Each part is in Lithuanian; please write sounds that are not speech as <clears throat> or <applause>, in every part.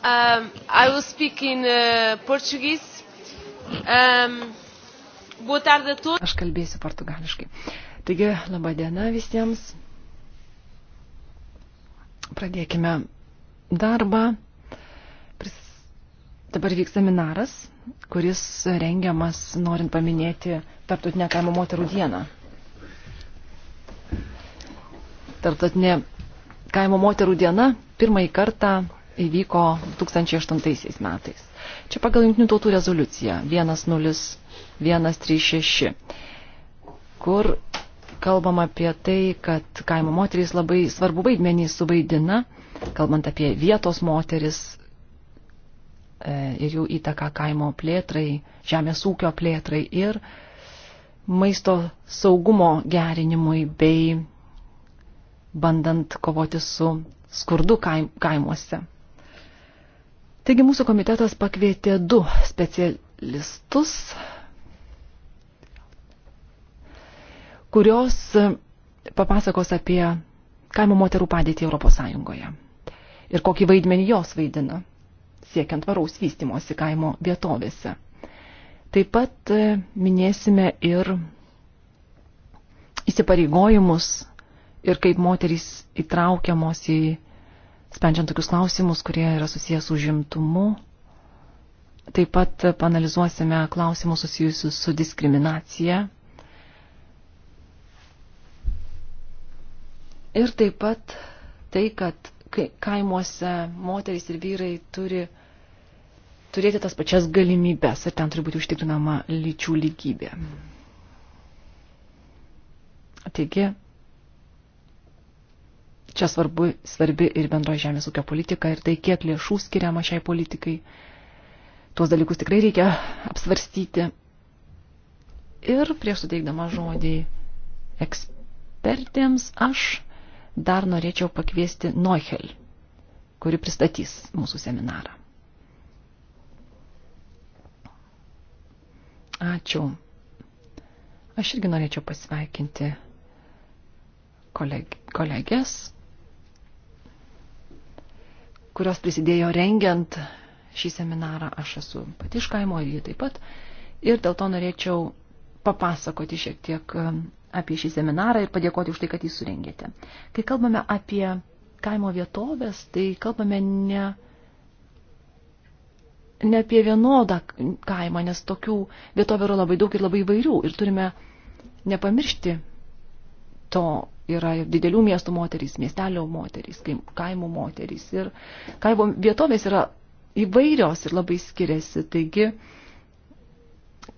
Um, I will speak in uh, Portuguese. Um, boa tarde a todos. Aš kalbėsiu portugališkai. Taigi, laba diena visiems. Pradėkime darbą. Pris... Dabar vyks seminaras, kuris rengiamas norint paminėti Tartutinę kaimo moterų dieną. Tartutinė kaimo moterų diena pirmąjį kartą įvyko 2008 metais. Čia pagal Junktinių tautų rezoliuciją 10136, kur kalbama apie tai, kad kaimo moterys labai svarbu vaidmenį suvaidina, kalbant apie vietos moteris e, ir jų įtaką kaimo plėtrai, žemės ūkio plėtrai ir maisto saugumo gerinimui bei bandant kovoti su skurdu kaimuose. Taigi mūsų komitetas pakvietė du specialistus, kurios papasakos apie kaimo moterų padėtį Europos Sąjungoje ir kokį vaidmenį jos vaidina, siekiant varaus vystimosi kaimo vietovėse. Taip pat e, minėsime ir įsipareigojimus ir kaip moterys įtraukiamos į sprendžiant tokius klausimus, kurie yra susijęs užimtumu. Taip pat panalizuosime klausimus susijusius su diskriminacija. Ir taip pat tai, kad kaimuose moterys ir vyrai turi turėti tas pačias galimybės ir ten turi būti užtikrinama lyčių lygybė. Taigi, Čia svarbu, svarbi ir bendroji žemės ūkio politika ir tai, kiek lėšų skiriama šiai politikai. Tuos dalykus tikrai reikia apsvarstyti. Ir prieš suteikdama žodį ekspertėms aš dar norėčiau pakviesti Noichel, kuri pristatys mūsų seminarą. Ačiū. Aš irgi norėčiau pasveikinti koleg kolegės kurios prisidėjo rengiant šį seminarą. Aš esu pati iš kaimo ir jį taip pat. Ir dėl to norėčiau papasakoti šiek tiek um, apie šį seminarą ir padėkoti už tai, kad jį surengėte. Kai kalbame apie kaimo vietovės, tai kalbame ne, ne apie vienodą kaimą, nes tokių vietovių yra labai daug ir labai įvairių. Ir turime nepamiršti to yra ir didelių miestų moterys, miestelio moterys, kaimų moterys. Ir kaimo vietovės yra įvairios ir labai skiriasi. Taigi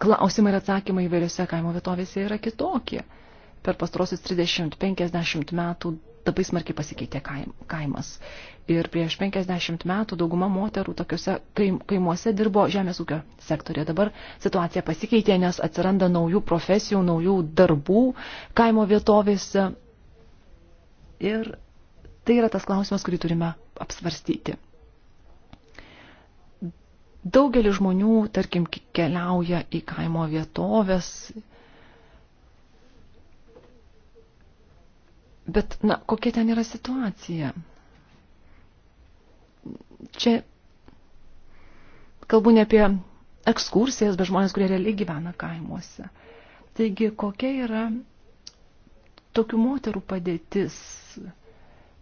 klausimai ir atsakymai įvairiose kaimo vietovėse yra kitokie. Per pastrosius 30-50 metų labai smarkiai pasikeitė kaimas. Ir prieš 50 metų dauguma moterų tokiuose kaimuose dirbo žemės ūkio sektorė. Dabar situacija pasikeitė, nes atsiranda naujų profesijų, naujų darbų kaimo vietovėse Ir tai yra tas klausimas, kurį turime apsvarstyti. Daugelis žmonių, tarkim, keliauja į kaimo vietovės, bet, na, kokia ten yra situacija? Čia kalbu ne apie ekskursijas, bet žmonės, kurie realiai gyvena kaimuose. Taigi, kokia yra tokių moterų padėtis,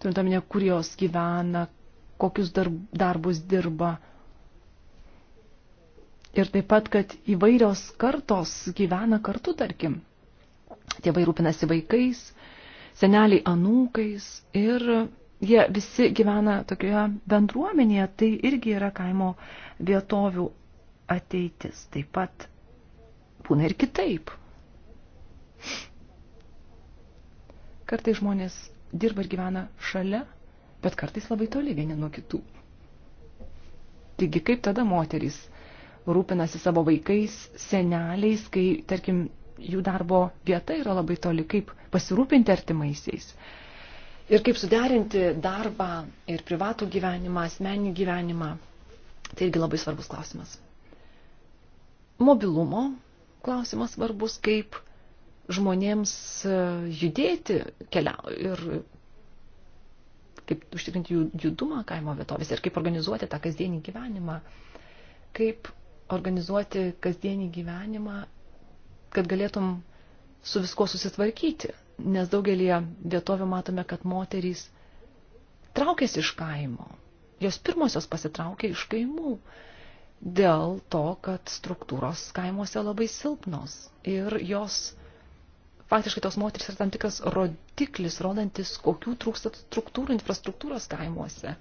turintaminė, kur jos gyvena, kokius darb, darbus dirba. Ir taip pat, kad įvairios kartos gyvena kartu, tarkim. Tėvai rūpinasi vaikais, seneliai anūkais ir jie visi gyvena tokioje bendruomenėje, tai irgi yra kaimo vietovių ateitis. Taip pat būna ir kitaip. Kartai žmonės dirba ir gyvena šalia, bet kartais labai toli vieni nuo kitų. Taigi kaip tada moterys rūpinasi savo vaikais, seneliais, kai, tarkim, jų darbo vieta yra labai toli, kaip pasirūpinti artimaisiais. Ir kaip suderinti darbą ir privatų gyvenimą, asmeninį gyvenimą. Tai irgi labai svarbus klausimas. Mobilumo klausimas svarbus, kaip žmonėms e, judėti keliau ir kaip užtikrinti judumą kaimo vietovėse ir kaip organizuoti tą kasdienį gyvenimą, kaip organizuoti kasdienį gyvenimą, kad galėtum su visko susitvarkyti, nes daugelį vietovių matome, kad moterys traukiasi iš kaimo, jos pirmosios pasitraukia iš kaimų dėl to, kad struktūros kaimuose labai silpnos ir jos faktiškai tos moteris yra tam tikras rodiklis, rodantis, kokių trūksta struktūrų, infrastruktūros kaimuose.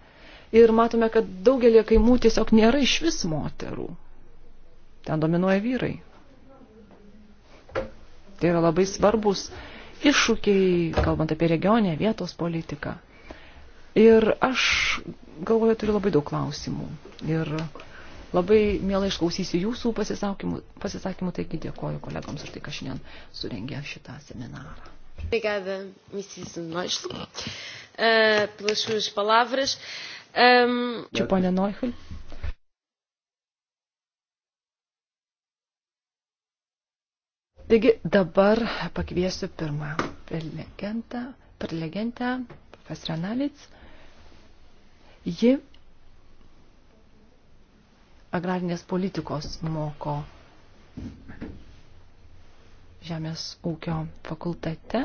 Ir matome, kad daugelį kaimų tiesiog nėra iš vis moterų. Ten dominuoja vyrai. Tai yra labai svarbus iššūkiai, kalbant apie regionę, vietos politiką. Ir aš galvoju, turiu labai daug klausimų. Ir Labai mielai išklausysiu jūsų pasisakymų, pasisakymų taigi dėkoju kolegoms už tai, kad šiandien surengė šitą seminarą. Obrigada, Mrs. Neuschl, uh, eh, pelas suas palavras. Um... Čia ponia Neuschl. Taigi dabar pakviesiu pirmą prelegentą, prelegentą profesionalic. Ji agrarinės politikos moko Žemės ūkio fakultete.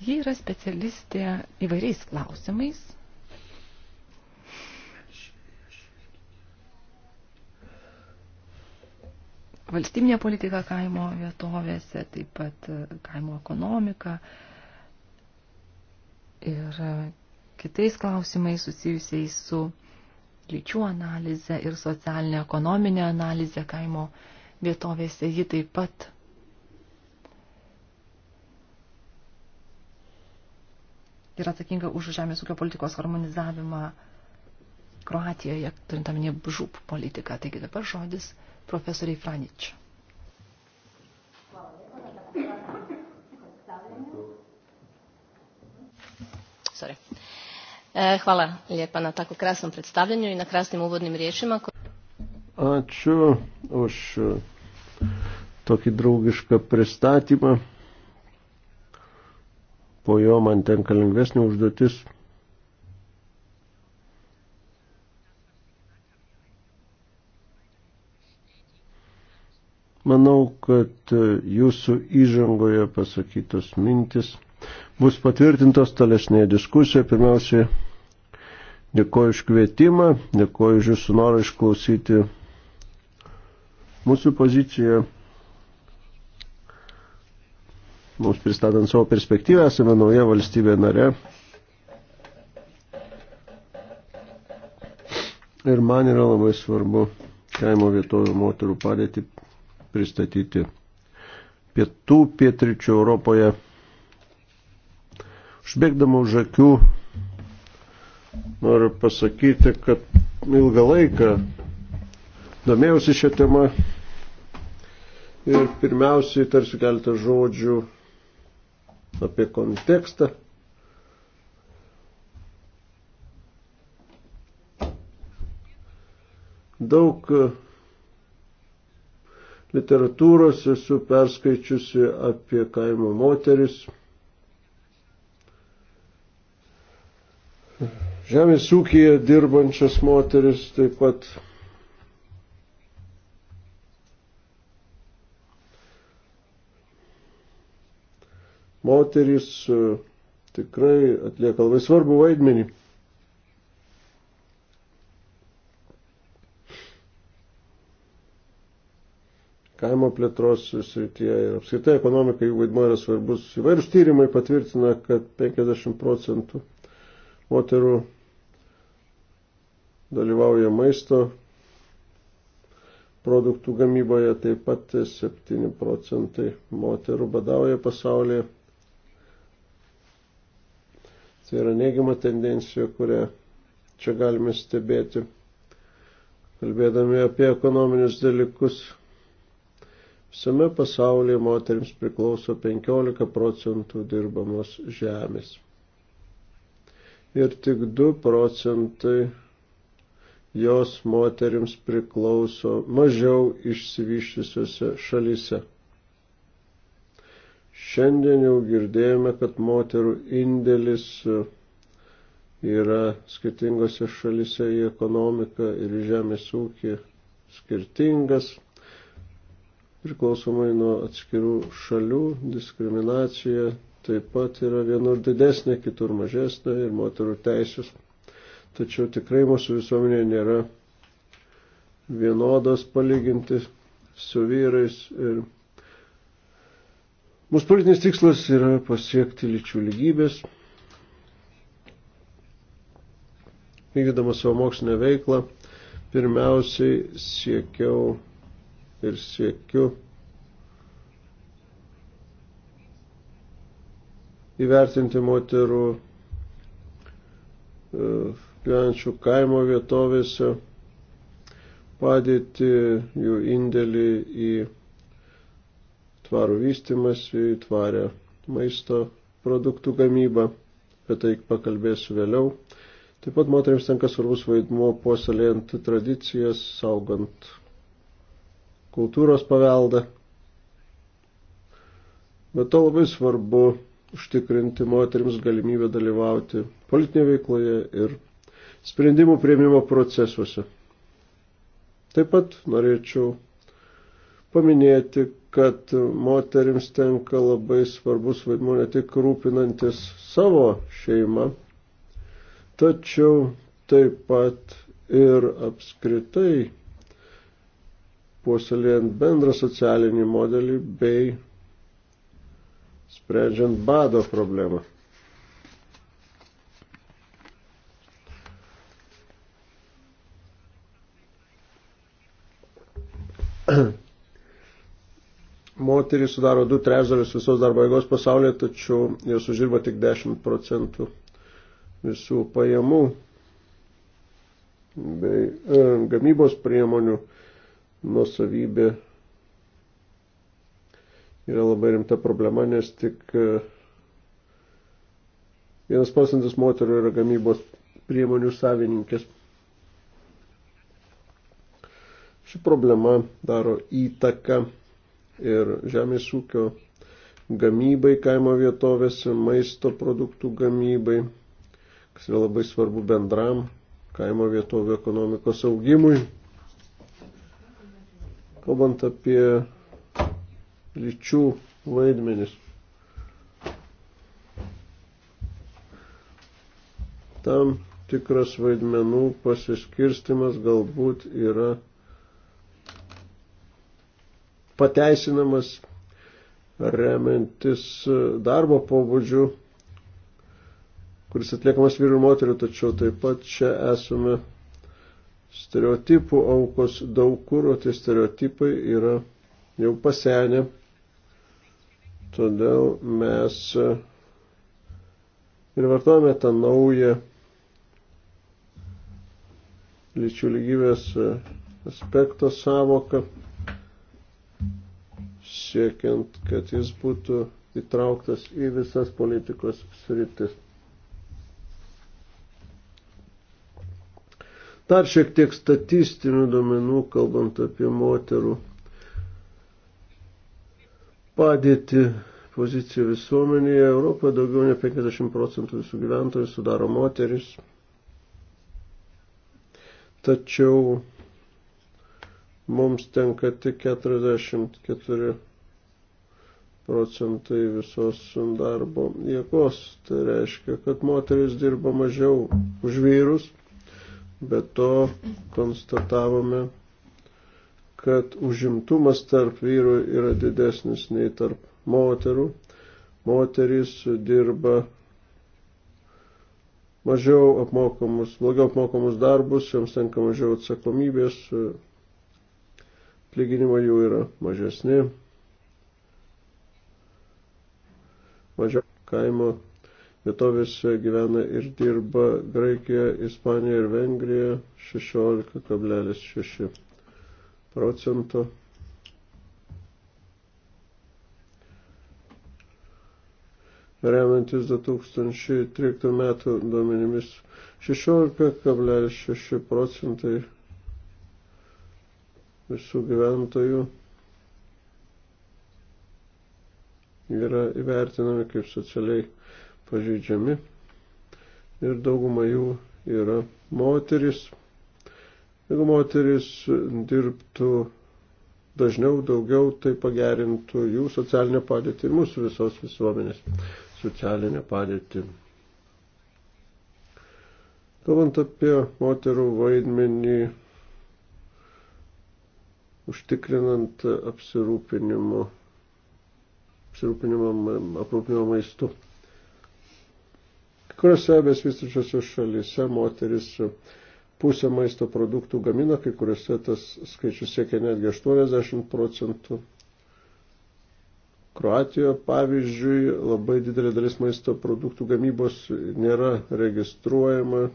Ji yra specialistė įvairiais klausimais. Valstybinė politika kaimo vietovėse, taip pat kaimo ekonomika ir kitais klausimais susijusiais su lyčių analizę ir socialinę ekonominę analizę kaimo vietovėse. Ji taip pat yra atsakinga už žemės ūkio politikos harmonizavimą Kroatijoje, turintaminė žūp politiką. Taigi dabar žodis profesoriai Franič. Sorry. E, hvala lijepa na tako krasnom predstavljanju i na krasnim uvodnim riječima. Ačiū e, už tokį draugišką pristatymą. Po jo man tenka lengvesnė užduotis. Manau, kad e, jūsų įžangoje pasakytos mintis – bus patvirtintos tolesnėje diskusijoje. Pirmiausiai dėkoju už kvietimą, dėkoju už jūsų norą išklausyti mūsų poziciją. Mums pristatant savo perspektyvą esame nauja valstybė nare. Ir man yra labai svarbu kaimo vietovių moterų padėti pristatyti pietų, pietričių Europoje. Užbėgdama už akių noriu pasakyti, kad ilgą laiką domėjausi šią temą ir pirmiausiai tarsi keletą žodžių apie kontekstą. Daug literatūros esu perskaičiusi apie kaimo moteris. žemės ūkija dirbančias moteris taip pat. Moteris e, tikrai atlieka labai svarbu vaidmenį. kaimo plėtros srityje ir apskritai ekonomika jų vaidmo yra svarbus. Įvairūs tyrimai patvirtina, kad 50 procentų moterų dalyvauja maisto produktų gamyboje, taip pat 7 procentai moterų badauja pasaulyje. Tai yra neigiama tendencija, kurią čia galime stebėti, kalbėdami apie ekonominius dalykus. Visame pasaulyje moteriams priklauso 15 procentų dirbamos žemės ir tik 2 procentai jos moteriams priklauso mažiau išsivyščiusiuose šalyse. Šiandien jau girdėjome, kad moterų indėlis yra skirtingose šalise į ekonomiką ir į žemės ūkį skirtingas, priklausomai nuo atskirų šalių, diskriminacija taip pat yra vienur didesnė, kitur mažesnė ir moterų teisės. Tačiau tikrai mūsų visuomenė nėra vienodas palyginti su vyrais. Ir mūsų politinis tikslas yra pasiekti lyčių lygybės. Vykdama savo mokslinę veiklą, pirmiausiai siekiau ir siekiu įvertinti moterų e, gyvenančių kaimo vietovėse padėti, jų indėlį į tvarų vystimas, į tvarę maisto produktų gamybą, apie tai pakalbėsiu vėliau. Taip pat moteriams tenka svarbus vaidmuo puoselėjant tradicijas, saugant kultūros paveldą. Bet to labai svarbu užtikrinti moteriams galimybę dalyvauti politinėje veikloje ir sprendimų prieimimo procesuose. Taip pat norėčiau paminėti, kad moteriams tenka labai svarbus vaidmuo ne tik rūpinantis savo šeimą, tačiau taip pat ir apskritai puoselėjant bendrą socialinį modelį bei sprendžiant bado problemą. <clears throat> Moterys sudaro 2 trečdalius visos darbo jėgos pasaulyje, tačiau jos uždirba tik 10 procentų visų pajamų bei e, gamybos priemonių nusavybė yra labai rimta problema, nes tik e, vienas procentas moterų yra gamybos priemonių savininkės. Ši problema daro įtaką ir žemės ūkio gamybai kaimo vietovėse, maisto produktų gamybai, kas yra labai svarbu bendram kaimo vietovių ekonomikos augimui. Kalbant apie lyčių vaidmenis. Tam tikras vaidmenų pasiskirstimas galbūt yra pateisinamas remiantis darbo pobūdžių, kuris atliekamas vyrų ir moterių, tačiau taip pat čia esame stereotipų aukos daug kur, o tie stereotipai yra jau pasenę Todėl mes e, ir vartojame tą naują lyčių lygybės e, aspekto savoką, siekiant, kad jis būtų įtrauktas į visas politikos sritis. Dar šiek tiek statistinių duomenų, kalbant apie moterų padėtį, poziciją visuomenėje. Europoje daugiau nei 50 procentų visų gyventojų sudaro moteris. Tačiau mums tenka tik 44 procentai visos darbo jėgos. Tai reiškia, kad moteris dirba mažiau už vyrus. Be to konstatavome kad užimtumas tarp vyrų yra didesnis nei tarp moterų. Moterys dirba mažiau apmokamus, blogiau apmokamus darbus, joms tenka mažiau atsakomybės, atlyginimai jų yra mažesni. Mažiau kaimo vietovėse gyvena ir dirba Graikija, Ispanija ir Vengrija 16,6 procento. Remiantis 2013 metų duomenimis 16,6 procentai visų gyventojų yra įvertinami kaip socialiai pažeidžiami ir dauguma jų yra moteris. Jeigu moteris dirbtų dažniau, daugiau, tai pagerintų jų socialinę padėtį ir mūsų visos visuomenės socialinę padėtį. Kalbant apie moterų vaidmenį, užtikrinant apsirūpinimo, apsirūpinimo, aprūpinimo maistu. Kuriuose besvystučiose šalyse moteris uh, pusę maisto produktų gamina, kai kuriuose tas skaičius siekia netgi 80 procentų. Kroatijoje, pavyzdžiui, labai didelė dalis maisto produktų gamybos nėra registruojama,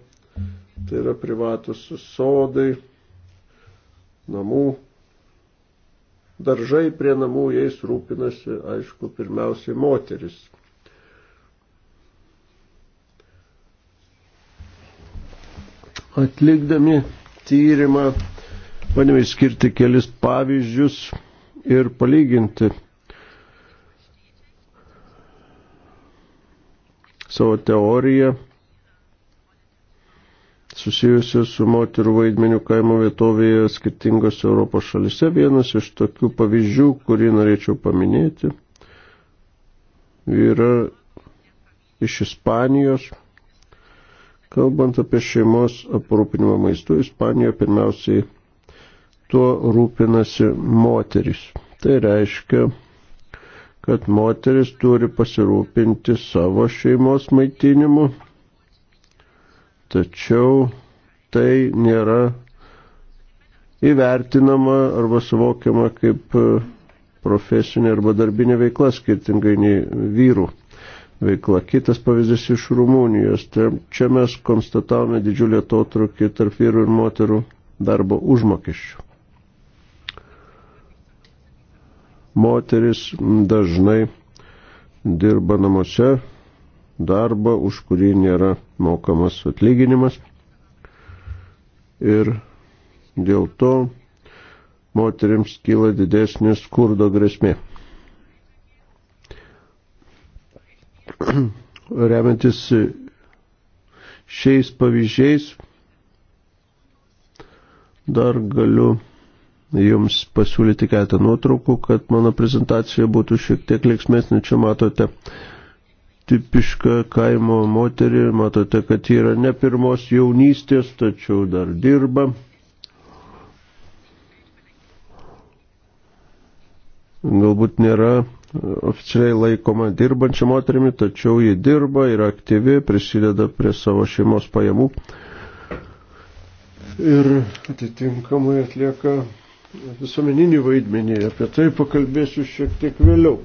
tai yra privatus sodai, namų, daržai prie namų, jais rūpinasi, aišku, pirmiausiai moteris. Atlikdami tyrimą bandėme išskirti kelis pavyzdžius ir palyginti savo teoriją susijusios su moterų vaidmeniu kaimo vietovėje skirtingose Europos šalise. Vienas iš tokių pavyzdžių, kurį norėčiau paminėti, yra iš Ispanijos. Kalbant apie šeimos aprūpinimą maistu, Ispanijoje pirmiausiai tuo rūpinasi moteris. Tai reiškia, kad moteris turi pasirūpinti savo šeimos maitinimu, tačiau tai nėra įvertinama arba suvokiama kaip profesinė arba darbinė veikla skirtingai nei vyrų veikla. Kitas pavyzdys iš Rumunijos. Tai čia mes konstatavome didžiulį atotrukį tarp vyrų ir moterų darbo užmokesčių. Moteris dažnai dirba namuose darbą, už kurį nėra mokamas atlyginimas. Ir dėl to moteriams kyla didesnė skurdo grėsmė. <clears throat> remiantis e, šiais pavyzdžiais dar galiu jums pasiūlyti keletą nuotraukų, kad mano prezentacija būtų šiek tiek liksmesnė. Čia matote tipišką kaimo moterį, matote, kad ji yra ne pirmos jaunystės, tačiau dar dirba. Galbūt nėra oficialiai laikoma dirbančia moterimi, tačiau ji dirba, yra aktyvi, prisideda prie savo šeimos pajamų ir atitinkamai atlieka visuomeninį vaidmenį. Apie tai pakalbėsiu šiek tiek vėliau.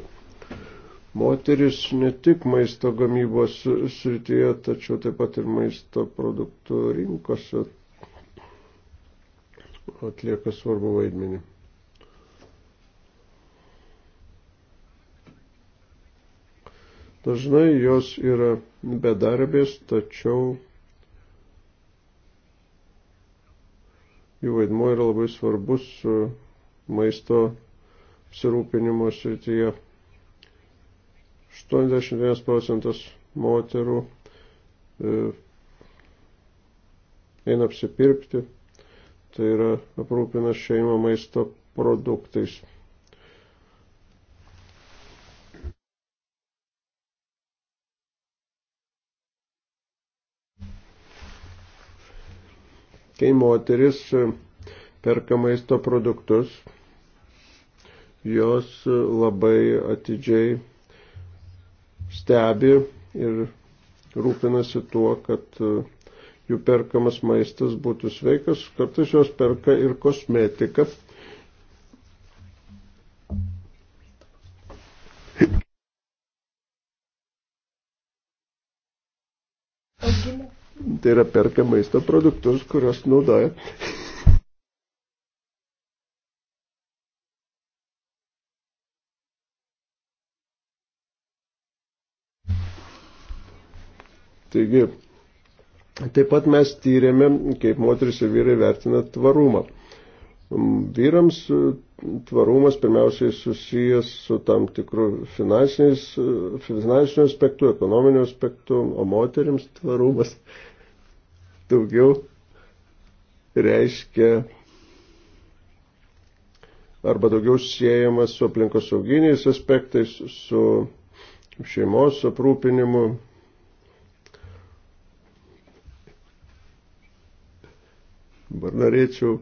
Moteris ne tik maisto gamybos srityje, tačiau taip pat ir maisto produktų rinkose atlieka svarbu vaidmenį. Dažnai jos yra bedarbės, tačiau jų vaidmuo yra labai svarbus e, maisto apsirūpinimo srityje. 81 procentas moterų e, eina apsipirkti, tai yra aprūpina šeimą maisto produktais. Kai moteris e, perka maisto produktus, jos e, labai atidžiai stebi ir rūpinasi tuo, kad e, jų perkamas maistas būtų sveikas, kartais jos perka ir kosmetiką tai yra perka maisto produktus, kurios naudoja. Taigi, taip pat mes tyrėme, kaip moteris ir vyrai vertina tvarumą. Mm, vyrams e, tvarumas pirmiausiai susijęs su tam tikru e, finansiniu aspektu, ekonominiu aspektu, o moteriams tvarumas daugiau reiškia arba daugiau siejamas su aplinkosauginiais aspektais, su šeimos aprūpinimu. Dabar norėčiau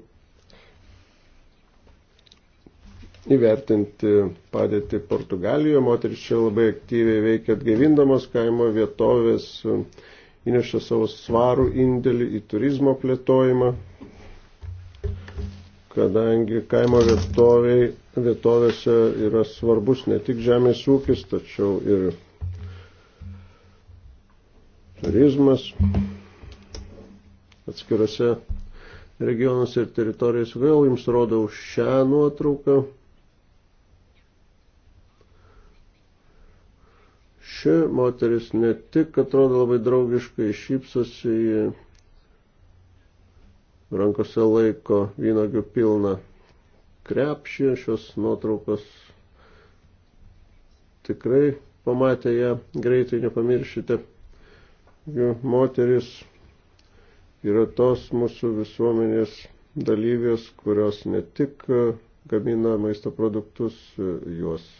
įvertinti padėtį Portugalijoje. Moteris čia labai aktyviai veikia atgaivindamos kaimo vietovės, įneša savo svarų indėlį į turizmo plėtojimą, kadangi kaimo vietoviai, vietovėse yra svarbus ne tik žemės ūkis, tačiau ir turizmas atskirose regionuose ir teritorijose. Vėl jums rodau šią nuotrauką. Ši moteris ne tik atrodo labai draugiškai šypsosi, rankose laiko vynogių pilną krepšį, šios nuotraukos tikrai pamatę ją greitai nepamiršite. Jų moteris yra tos mūsų visuomenės dalyvės, kurios ne tik gamina maisto produktus, juos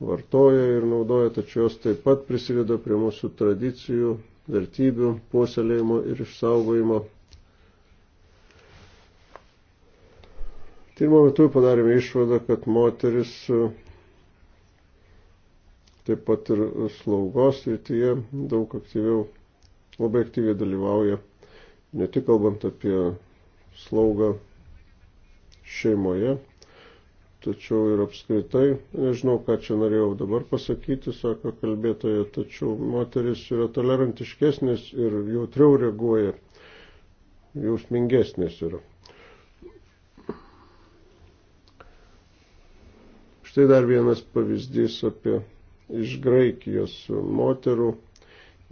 vartoja ir naudoja, tačiau jos taip pat prisideda prie mūsų tradicijų, vertybių, puoselėjimo ir išsaugojimo. Tyrimo metu padarėme išvadą, kad moteris e, taip pat ir slaugos rytyje daug aktyviau, labai aktyviai dalyvauja, ne tik kalbant apie slaugą šeimoje, tačiau ir apskritai, nežinau, ką čia norėjau dabar pasakyti, sako kalbėtoja, tačiau moteris yra tolerantiškesnės ir jautriau reaguoja, jausmingesnės yra. Štai dar vienas pavyzdys apie iš Graikijos moterų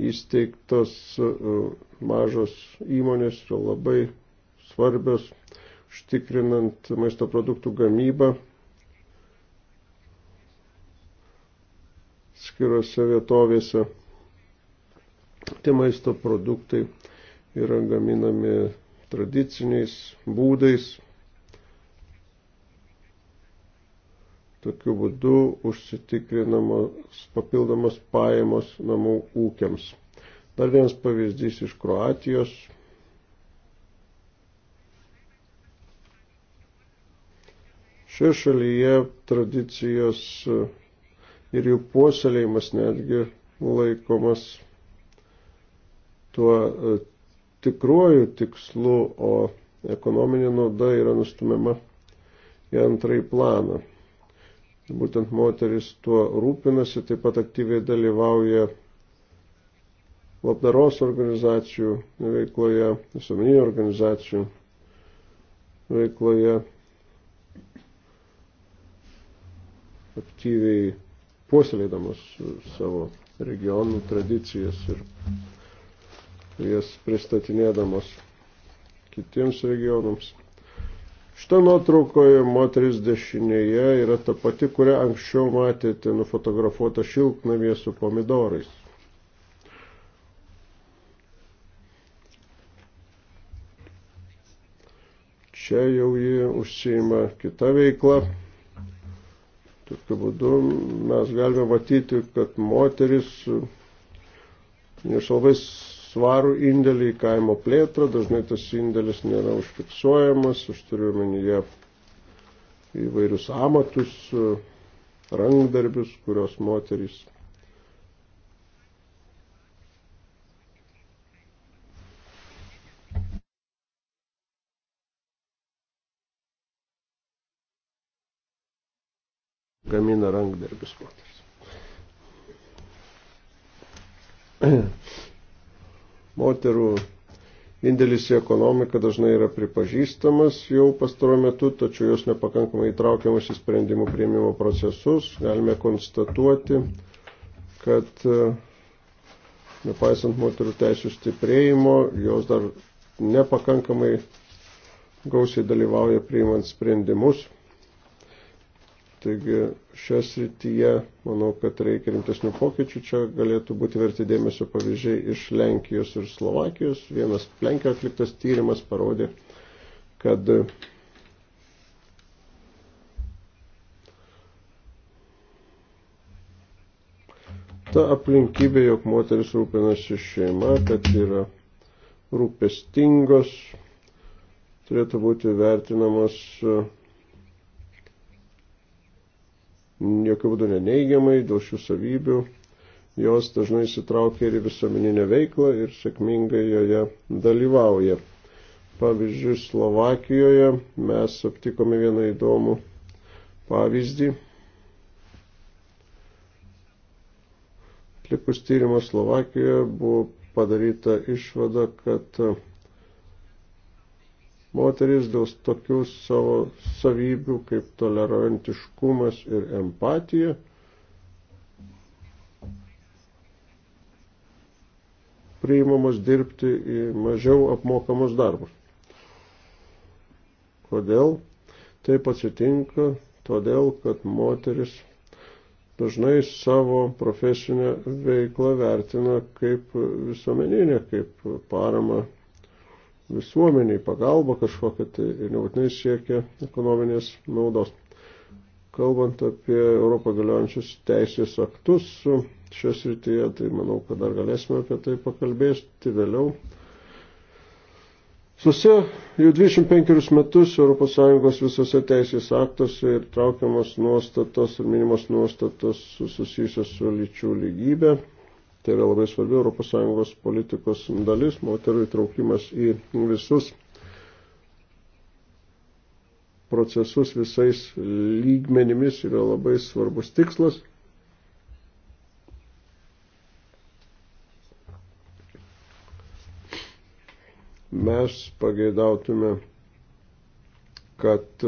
įsteigtos e, mažos įmonės yra labai svarbios, užtikrinant maisto produktų gamybą atskirose vietovėse. Tie maisto produktai yra gaminami tradiciniais būdais. Tokiu būdu užsitikrinamos papildomos pajamos namų ūkiams. Dar vienas pavyzdys iš Kroatijos. Šioje šalyje tradicijos ir jų puoselėjimas netgi laikomas tuo e, tikruoju tikslu, o ekonominė nauda yra nustumiama į antrąjį planą. Būtent moteris tuo rūpinasi, taip pat aktyviai dalyvauja labdaros organizacijų veikloje, visuomeninių organizacijų veikloje aktyviai puoselėdamas savo regionų tradicijas ir jas pristatinėdamas kitiems regionams. Šitą nuotraukoje moteris dešinėje yra ta pati, kurią anksčiau matėte nufotografuota šilknamie su pomidorais. Čia jau ji užsima kita veikla. Tokiu būdu mes galime matyti, kad moteris neša labai svarų indėlį į kaimo plėtrą, dažnai tas indėlis nėra užfiksuojamas, aš turiu omenyje įvairius amatus, e, rankdarbius, kurios moterys gamina rankdarbius moteris. <clears throat> Moterų indėlis į ekonomiką dažnai yra pripažįstamas jau pastaruo metu, tačiau jos nepakankamai įtraukiamas į sprendimų prieimimo procesus. Galime konstatuoti, kad e, nepaisant moterų teisų stiprėjimo, jos dar nepakankamai gausiai dalyvauja priimant sprendimus Taigi šios rytyje, manau, kad reikia rimtesnių pokyčių. Čia galėtų būti verti dėmesio pavyzdžiai iš Lenkijos ir Slovakijos. Vienas Lenkijoje atliktas tyrimas parodė, kad ta aplinkybė, jog moteris rūpinasi šeima, kad yra rūpestingos, turėtų būti vertinamos uh, jokių būdų neneigiamai dėl šių savybių. Jos dažnai sitraukia ir į visuomeninę veiklą ir sėkmingai joje dalyvauja. Pavyzdžiui, Slovakijoje mes aptikome vieną įdomų pavyzdį. Atlikus tyrimą Slovakijoje buvo padaryta išvada, kad moteris dėl tokių savo savybių kaip tolerantiškumas ir empatija. priimamos dirbti į mažiau apmokamus darbus. Kodėl? Taip atsitinka, todėl, kad moteris dažnai savo profesinę veiklą vertina kaip visuomeninę, kaip parama visuomeniai pagalba kažkokia tai ir nebūtinai siekia ekonominės naudos. Kalbant apie Europą galiojančius teisės aktus šios rytyje, tai manau, kad dar galėsime apie tai pakalbėti vėliau. Susia jau 25 metus ES visose teisės aktuose ir traukiamos nuostatos ir minimos nuostatos susijusios su lyčių lygybė. Tai yra labai svarbi ES politikos dalis, moterų įtraukimas į visus procesus visais lygmenimis yra labai svarbus tikslas. Mes pageidautume, kad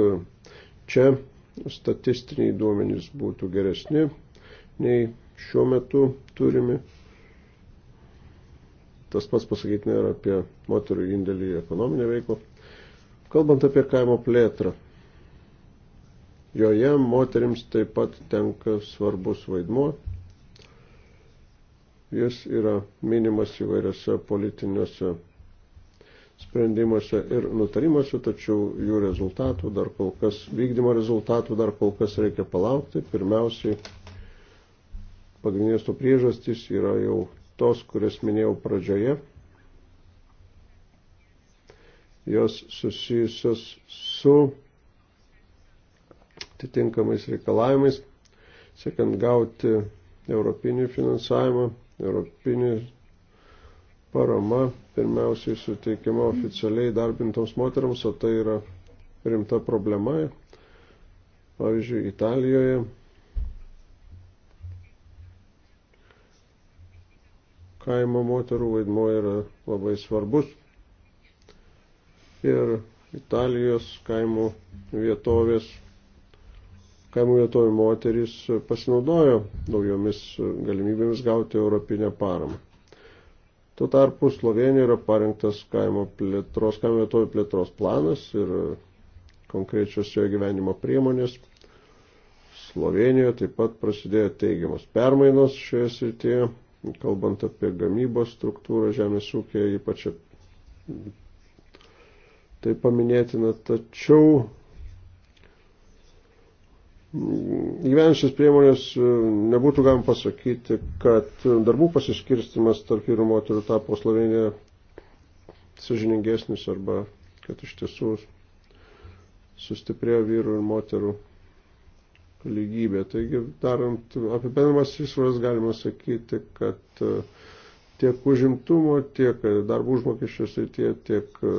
čia statistiniai duomenys būtų geresni nei šiuo metu turimi. Tas pats pasakyti nėra apie moterų indėlį į ekonominę veiklą. Kalbant apie kaimo plėtrą, joje moterims taip pat tenka svarbus vaidmuo. Jis yra minimas įvairiose politiniuose sprendimuose ir nutarimuose, tačiau jų rezultatų dar kol kas, vykdymo rezultatų dar kol kas reikia palaukti. Pirmiausiai pagrindinės to priežastys yra jau tos, kurias minėjau pradžioje. Jos susijusios su atitinkamais reikalavimais, siekiant gauti europinį finansavimą, europinį parama pirmiausiai suteikiama oficialiai darbintoms moteriams, o tai yra rimta problema. Pavyzdžiui, Italijoje kaimo moterų vaidmuo yra labai svarbus. Ir Italijos kaimo vietovės, kaimo vietovių moterys pasinaudojo naujomis galimybėmis gauti europinę paramą. Tuo tarpu Slovenijoje yra parengtas kaimo plėtros, kaimo vietovių plėtros planas ir konkrečios jo gyvenimo priemonės. Slovenijoje taip pat prasidėjo teigiamos permainos šioje srityje kalbant apie gamybos struktūrą žemės ūkėje, ypač tai paminėtina, tačiau Įgyvenšias priemonės e, nebūtų galima pasakyti, kad darbų pasiskirstimas tarp vyrų moterų tapo Slovenija sažiningesnis arba kad iš tiesų sustiprėjo vyrų ir moterų lygybė. Taigi, darant apibendrimas išvadas, galima sakyti, kad e, tiek užimtumo, tiek e, darbų užmokesčio srityje, tiek e,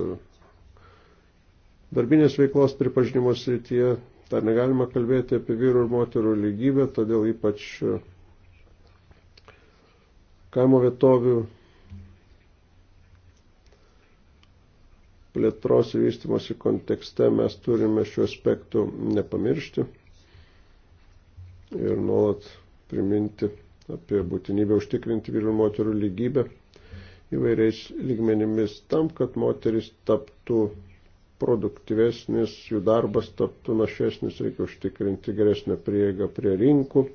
darbinės veiklos pripažinimo srityje dar negalima kalbėti apie vyrų ir moterų lygybę, todėl ypač kaimo vietovių plėtros ir vystimosi kontekste mes turime šių aspektų nepamiršti ir nuolat priminti apie būtinybę užtikrinti vyrų ir moterų lygybę įvairiais lygmenimis tam, kad moteris taptų produktyvesnis, jų darbas taptų našesnis, reikia užtikrinti geresnę prieigą prie rinkų,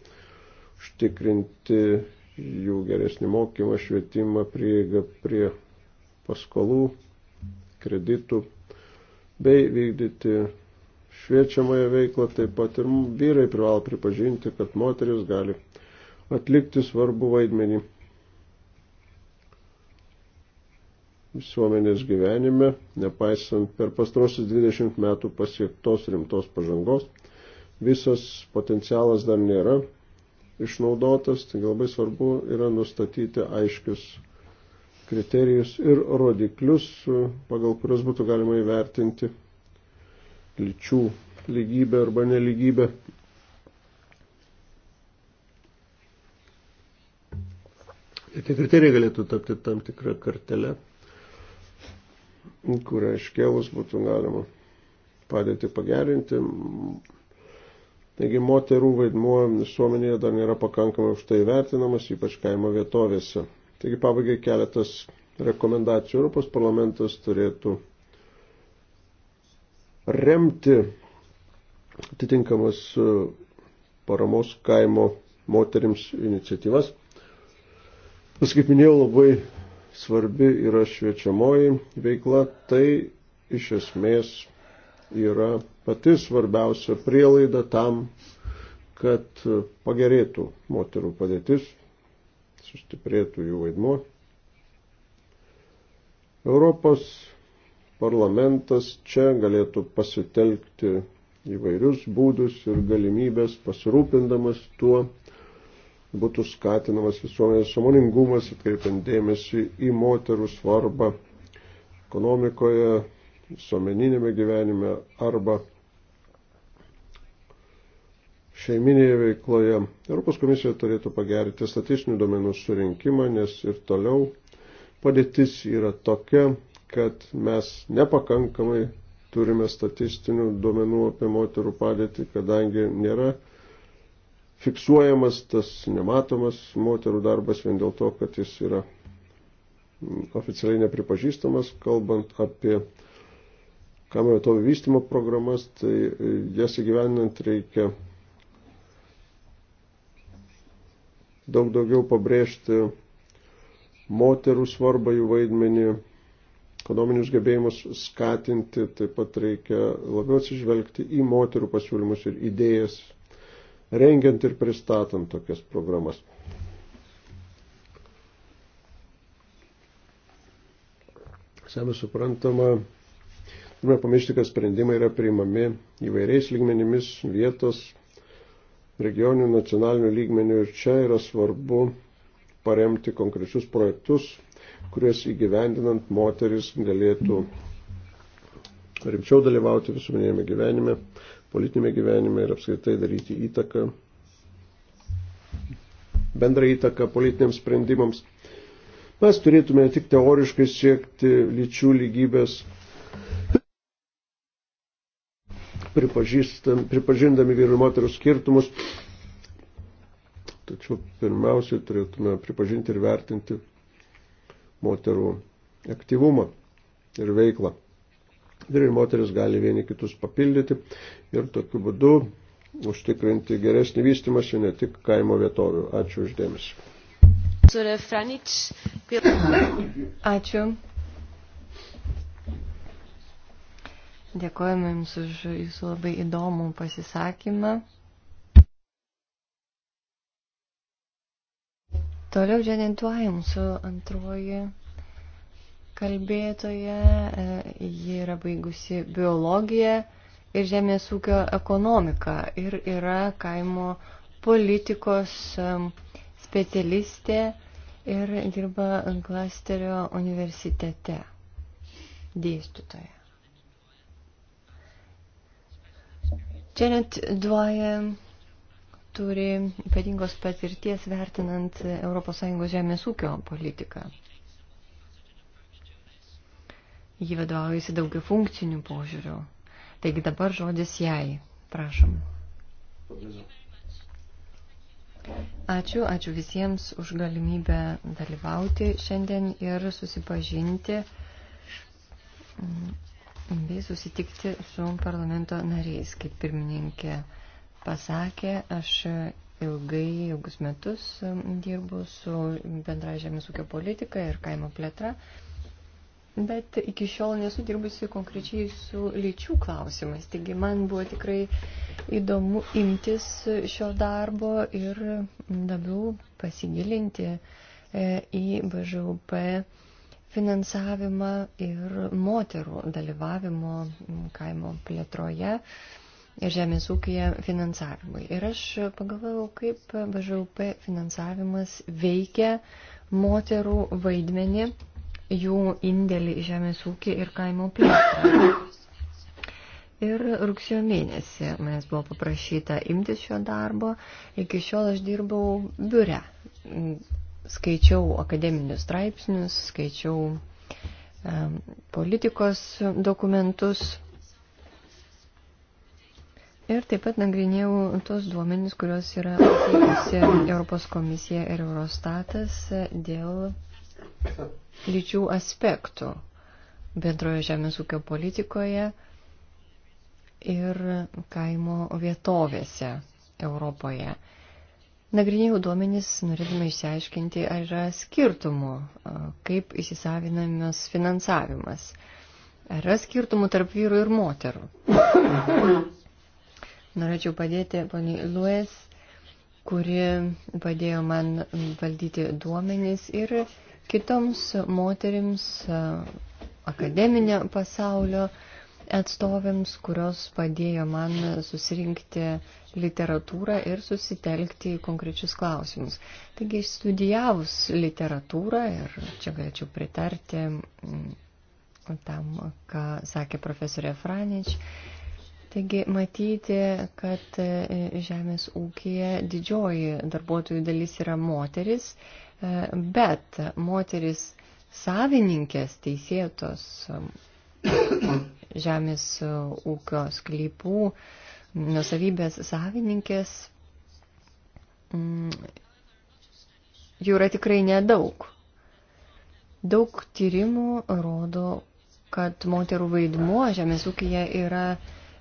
užtikrinti jų geresnį mokymą, švietimą, prieigą prie paskolų, kreditų, bei vykdyti šviečiamąją veiklą, taip pat ir vyrai privalo pripažinti, kad moteris gali atlikti svarbu vaidmenį visuomenės gyvenime, nepaisant per pastrosius 20 metų pasiektos rimtos pažangos. Visas potencialas dar nėra išnaudotas, tai labai svarbu yra nustatyti aiškius kriterijus ir rodiklius, pagal kurios būtų galima įvertinti lyčių lygybę arba neligybę. Ir tie kriterijai galėtų tapti tam tikrą kartelę, kurią iškėlus būtų galima padėti pagerinti. Taigi moterų vaidmuo visuomenėje dar nėra pakankamai už tai vertinamas, ypač kaimo vietovėse. Taigi pabaigai keletas rekomendacijų. Europos parlamentas turėtų remti atitinkamas e, paramos kaimo moterims iniciatyvas. Nes, kaip minėjau, labai svarbi yra šviečiamoji veikla. Tai iš esmės yra pati svarbiausia prielaida tam, kad pagerėtų moterų padėtis, sustiprėtų jų vaidmo. Europos parlamentas čia galėtų pasitelkti įvairius būdus ir galimybės pasirūpindamas tuo, būtų skatinamas visuomenės samoningumas, atkreipiant dėmesį į moterų svarbą ekonomikoje, visuomeninėme gyvenime arba šeiminėje veikloje. Europos komisija turėtų pagerinti statistinių duomenų surinkimą, nes ir toliau padėtis yra tokia, kad mes nepakankamai turime statistinių duomenų apie moterų padėtį, kadangi nėra fiksuojamas tas nematomas moterų darbas vien dėl to, kad jis yra oficialiai nepripažįstamas, kalbant apie kaimo vietovių vystymo programas, tai jas įgyveninant reikia daug daugiau pabrėžti moterų svarbą jų vaidmenį ekonominius gebėjimus skatinti, taip pat reikia labiau atsižvelgti į moterų pasiūlymus ir idėjas, rengiant ir pristatant tokias programas. Savai suprantama, turime pamiršti, kad sprendimai yra priimami įvairiais lygmenimis vietos, regioninių, nacionalinių lygmenių ir čia yra svarbu paremti konkrečius projektus, kuriuos įgyvendinant moteris galėtų rimčiau dalyvauti visuomenėme gyvenime, politinėme gyvenime ir apskritai daryti įtaką, bendrą įtaką politiniams sprendimams. Mes turėtume tik teoriškai siekti lyčių lygybės, pripažindami vyrų ir moterų skirtumus, tačiau pirmiausiai turėtume pripažinti ir vertinti moterų aktyvumą ir veiklą. Vyrai ir moteris gali vieni kitus papildyti ir tokiu būdu užtikrinti geresnį vystimąsi ne tik kaimo vietovių. Ačiū uždėmesi. Ačiū. Dėkojame Jums už Jūsų labai įdomų pasisakymą. Toliau Janet Dwyer, mūsų antroji kalbėtoja, e, ji yra baigusi biologiją ir žemės ūkio ekonomiką ir yra kaimo politikos e, specialistė ir dirba Glasterio universitete dėstytoja. Janet Dwyer turi ypatingos patirties vertinant ES žemės ūkio politiką. Ji vadovaujasi daugia funkcinių požiūrių. Taigi dabar žodis jai. Prašom. Ačiū, ačiū visiems už galimybę dalyvauti šiandien ir susipažinti mm, bei susitikti su parlamento nariais, kaip pirmininkė pasakė, aš ilgai, ilgus metus mm, dirbu su bendra žemės ūkio politika ir kaimo plėtra, bet iki šiol nesu dirbusi konkrečiai su lyčių klausimais. Taigi man buvo tikrai įdomu imtis šio darbo ir labiau pasigilinti e, į BŽUP finansavimą ir moterų dalyvavimo kaimo plėtroje. Uh, žemės ūkija finansavimui. Ir aš pagalvojau, kaip BŽUP finansavimas veikia moterų vaidmenį, jų indėlį į žemės ūkį ir kaimo plėtrą. Ir rugsėjo mėnesį manęs buvo paprašyta imtis šio darbo. Iki šiol aš dirbau biure. Skaičiau akademinius straipsnius, skaičiau um, politikos dokumentus, Ir taip pat nagrinėjau tos duomenys, kurios yra pateikusi Europos komisija ir Eurostatas dėl lyčių aspektų bendroje žemės ūkio politikoje ir kaimo vietovėse Europoje. Nagrinėjau duomenys, norėdama išsiaiškinti, ar yra skirtumų, kaip įsisavinamas finansavimas. Ar yra skirtumų tarp vyrų ir moterų? <coughs> Norėčiau padėti poniai Lues, kuri padėjo man valdyti duomenys ir kitoms moterims akademinio pasaulio atstovėms, kurios padėjo man susirinkti literatūrą ir susitelkti į konkrečius klausimus. Taigi, studijavus literatūrą, ir čia galėčiau pritarti mm, tam, ką sakė profesorė Franič, Taigi matyti, kad e, žemės ūkija didžioji darbuotojų dalis yra moteris, e, bet moteris savininkės teisėtos žemės ūkio sklypų nusavybės savininkės mm, jų yra tikrai nedaug. Daug tyrimų rodo, kad moterų vaidmuo žemės ūkija yra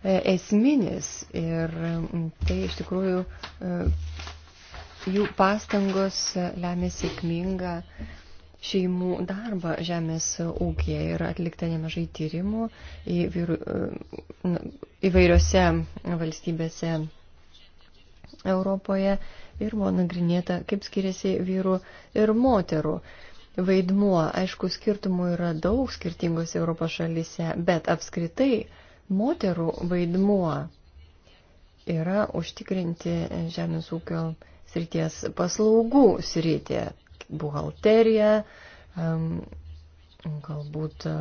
E, esminis ir tai iš tikrųjų e, jų pastangos e, lemia sėkmingą šeimų darbą žemės ūkėje ir atlikta nemažai tyrimų įvairiose valstybėse Europoje ir buvo nagrinėta, kaip skiriasi vyrų ir moterų vaidmuo. Aišku, skirtumų yra daug skirtingose Europos šalyse, bet apskritai moterų vaidmuo yra užtikrinti žemės ūkio srities paslaugų sritį, buhalteriją, galbūt e,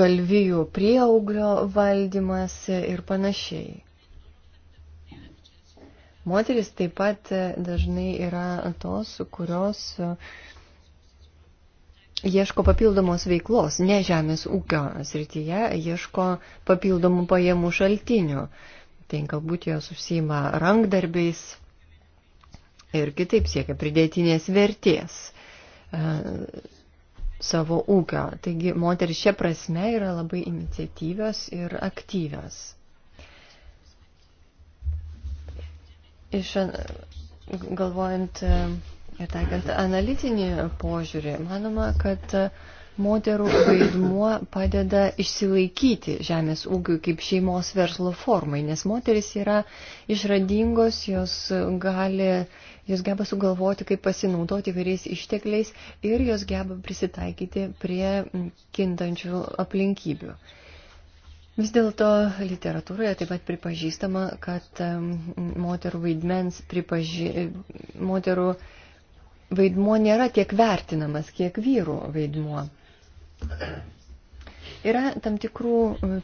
galvijų prieauglio valdymas ir panašiai. Moteris taip pat e, dažnai yra tos, kurios ieško papildomos veiklos, ne žemės ūkio srityje, ieško papildomų pajamų šaltinių. Tai galbūt jos užsima rankdarbiais ir kitaip siekia pridėtinės vertės e, savo ūkio. Taigi moteris šia prasme yra labai iniciatyvios ir aktyvios. Iš galvojant e, Ir taikant analitinį požiūrį, manoma, kad moterų vaidmuo padeda išsilaikyti žemės ūkiui kaip šeimos verslo formai, nes moteris yra išradingos, jos gali, jos geba sugalvoti, kaip pasinaudoti vairiais ištekliais ir jos geba prisitaikyti prie kintančių aplinkybių. Vis dėlto literatūroje taip pat pripažįstama, kad mm, moterų vaidmens pripaži... moterų vaidmuo nėra tiek vertinamas, kiek vyrų vaidmuo. Yra tam tikrų e,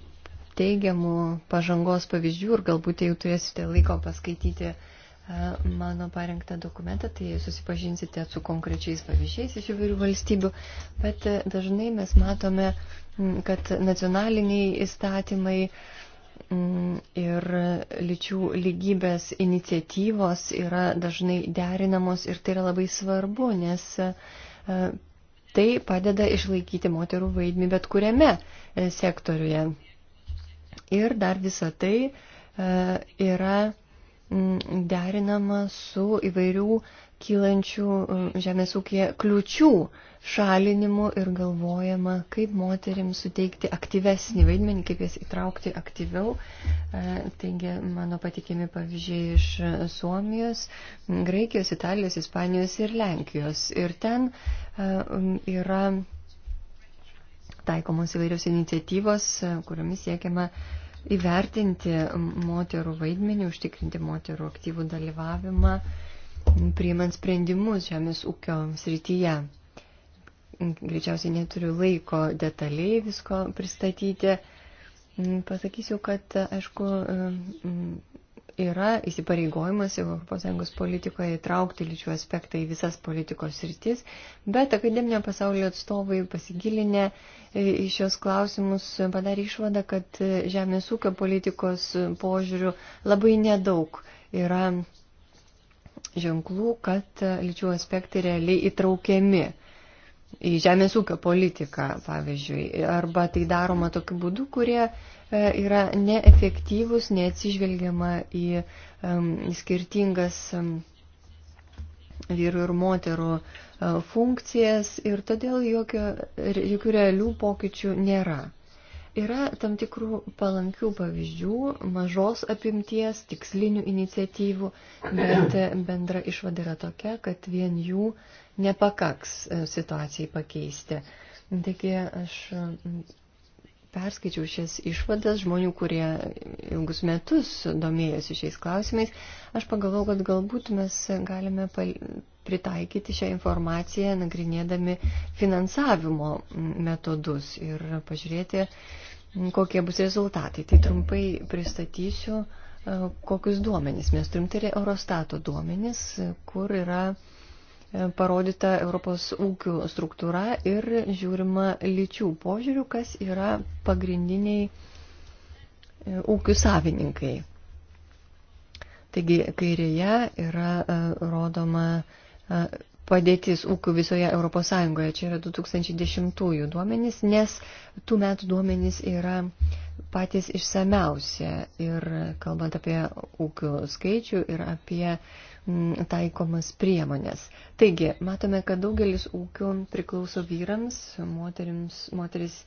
teigiamų pažangos pavyzdžių ir galbūt jau turėsite laiko paskaityti e, mano parengtą dokumentą, tai susipažinsite su konkrečiais pavyzdžiais iš įvairių valstybių, bet e, dažnai mes matome, kad nacionaliniai įstatymai Mm, ir lyčių lygybės iniciatyvos yra dažnai derinamos ir tai yra labai svarbu, nes e, tai padeda išlaikyti moterų vaidmį bet kuriame e, sektoriuje. Ir dar visa tai e, yra mm, derinama su įvairių kylančių e, žemės ūkėje kliučių šalinimu ir galvojama, kaip moteriams suteikti aktyvesnį vaidmenį, kaip jas įtraukti aktyviau. E, taigi mano patikimi pavyzdžiai iš Suomijos, Graikijos, Italijos, Ispanijos ir Lenkijos. Ir ten e, yra taikomos įvairios iniciatyvos, kuriomis siekiama įvertinti moterų vaidmenį, užtikrinti moterų aktyvų dalyvavimą priimant sprendimus žemės ūkio srityje. Greičiausiai neturiu laiko detaliai visko pristatyti. Mm, pasakysiu, kad, aišku, mm, yra įsipareigojimas ES politikoje įtraukti lyčių aspektą į visas politikos sritis, bet akademinio pasaulio atstovai pasigilinę e, į šios klausimus padarė išvadą, kad e, žemės ūkio politikos požiūrių labai nedaug yra ženklų, kad lyčių aspektai realiai įtraukiami į žemės ūkio politiką, pavyzdžiui, arba tai daroma tokiu būdu, kurie e, yra neefektyvus, neatsižvelgiama į skirtingas vyrų ir moterų e, funkcijas ir todėl jokio, jokių realių pokyčių nėra. Yra tam tikrų palankių pavyzdžių, mažos apimties, tikslinių iniciatyvų, bet bendra išvada yra tokia, kad vien jų nepakaks e, situacijai pakeisti. Taigi aš perskaičiau šias išvadas žmonių, kurie ilgus metus domėjosi šiais klausimais, aš pagalvojau, kad galbūt mes galime pritaikyti šią informaciją, nagrinėdami finansavimo metodus ir pažiūrėti, kokie bus rezultatai. Tai trumpai pristatysiu, e, kokius duomenys. Mes turim tai Eurostato duomenys, kur yra e, parodyta Europos ūkių struktūra ir žiūrima lyčių požiūrių, kas yra pagrindiniai e, ūkių savininkai. Taigi kairėje yra rodoma padėtis ūkių visoje Europos Sąjungoje. Čia yra 2010 duomenys, nes tų metų duomenys yra patys išsameusi. Ir kalbant apie ūkių skaičių ir apie m, taikomas priemonės. Taigi, matome, kad daugelis ūkių priklauso vyrams, moterims, moteris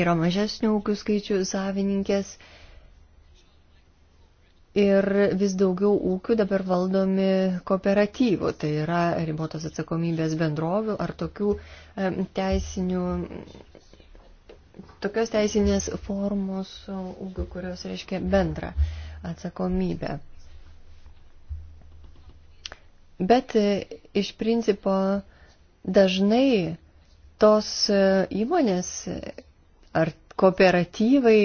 yra mažesnių ūkių skaičių savininkės. E, Ir vis daugiau ūkių dabar valdomi kooperatyvų, tai yra ribotos atsakomybės bendrovių ar tokių e, teisinių, tokios teisinės formos ūkių, kurios reiškia bendrą atsakomybę. Bet e, iš principo dažnai tos e, įmonės ar kooperatyvai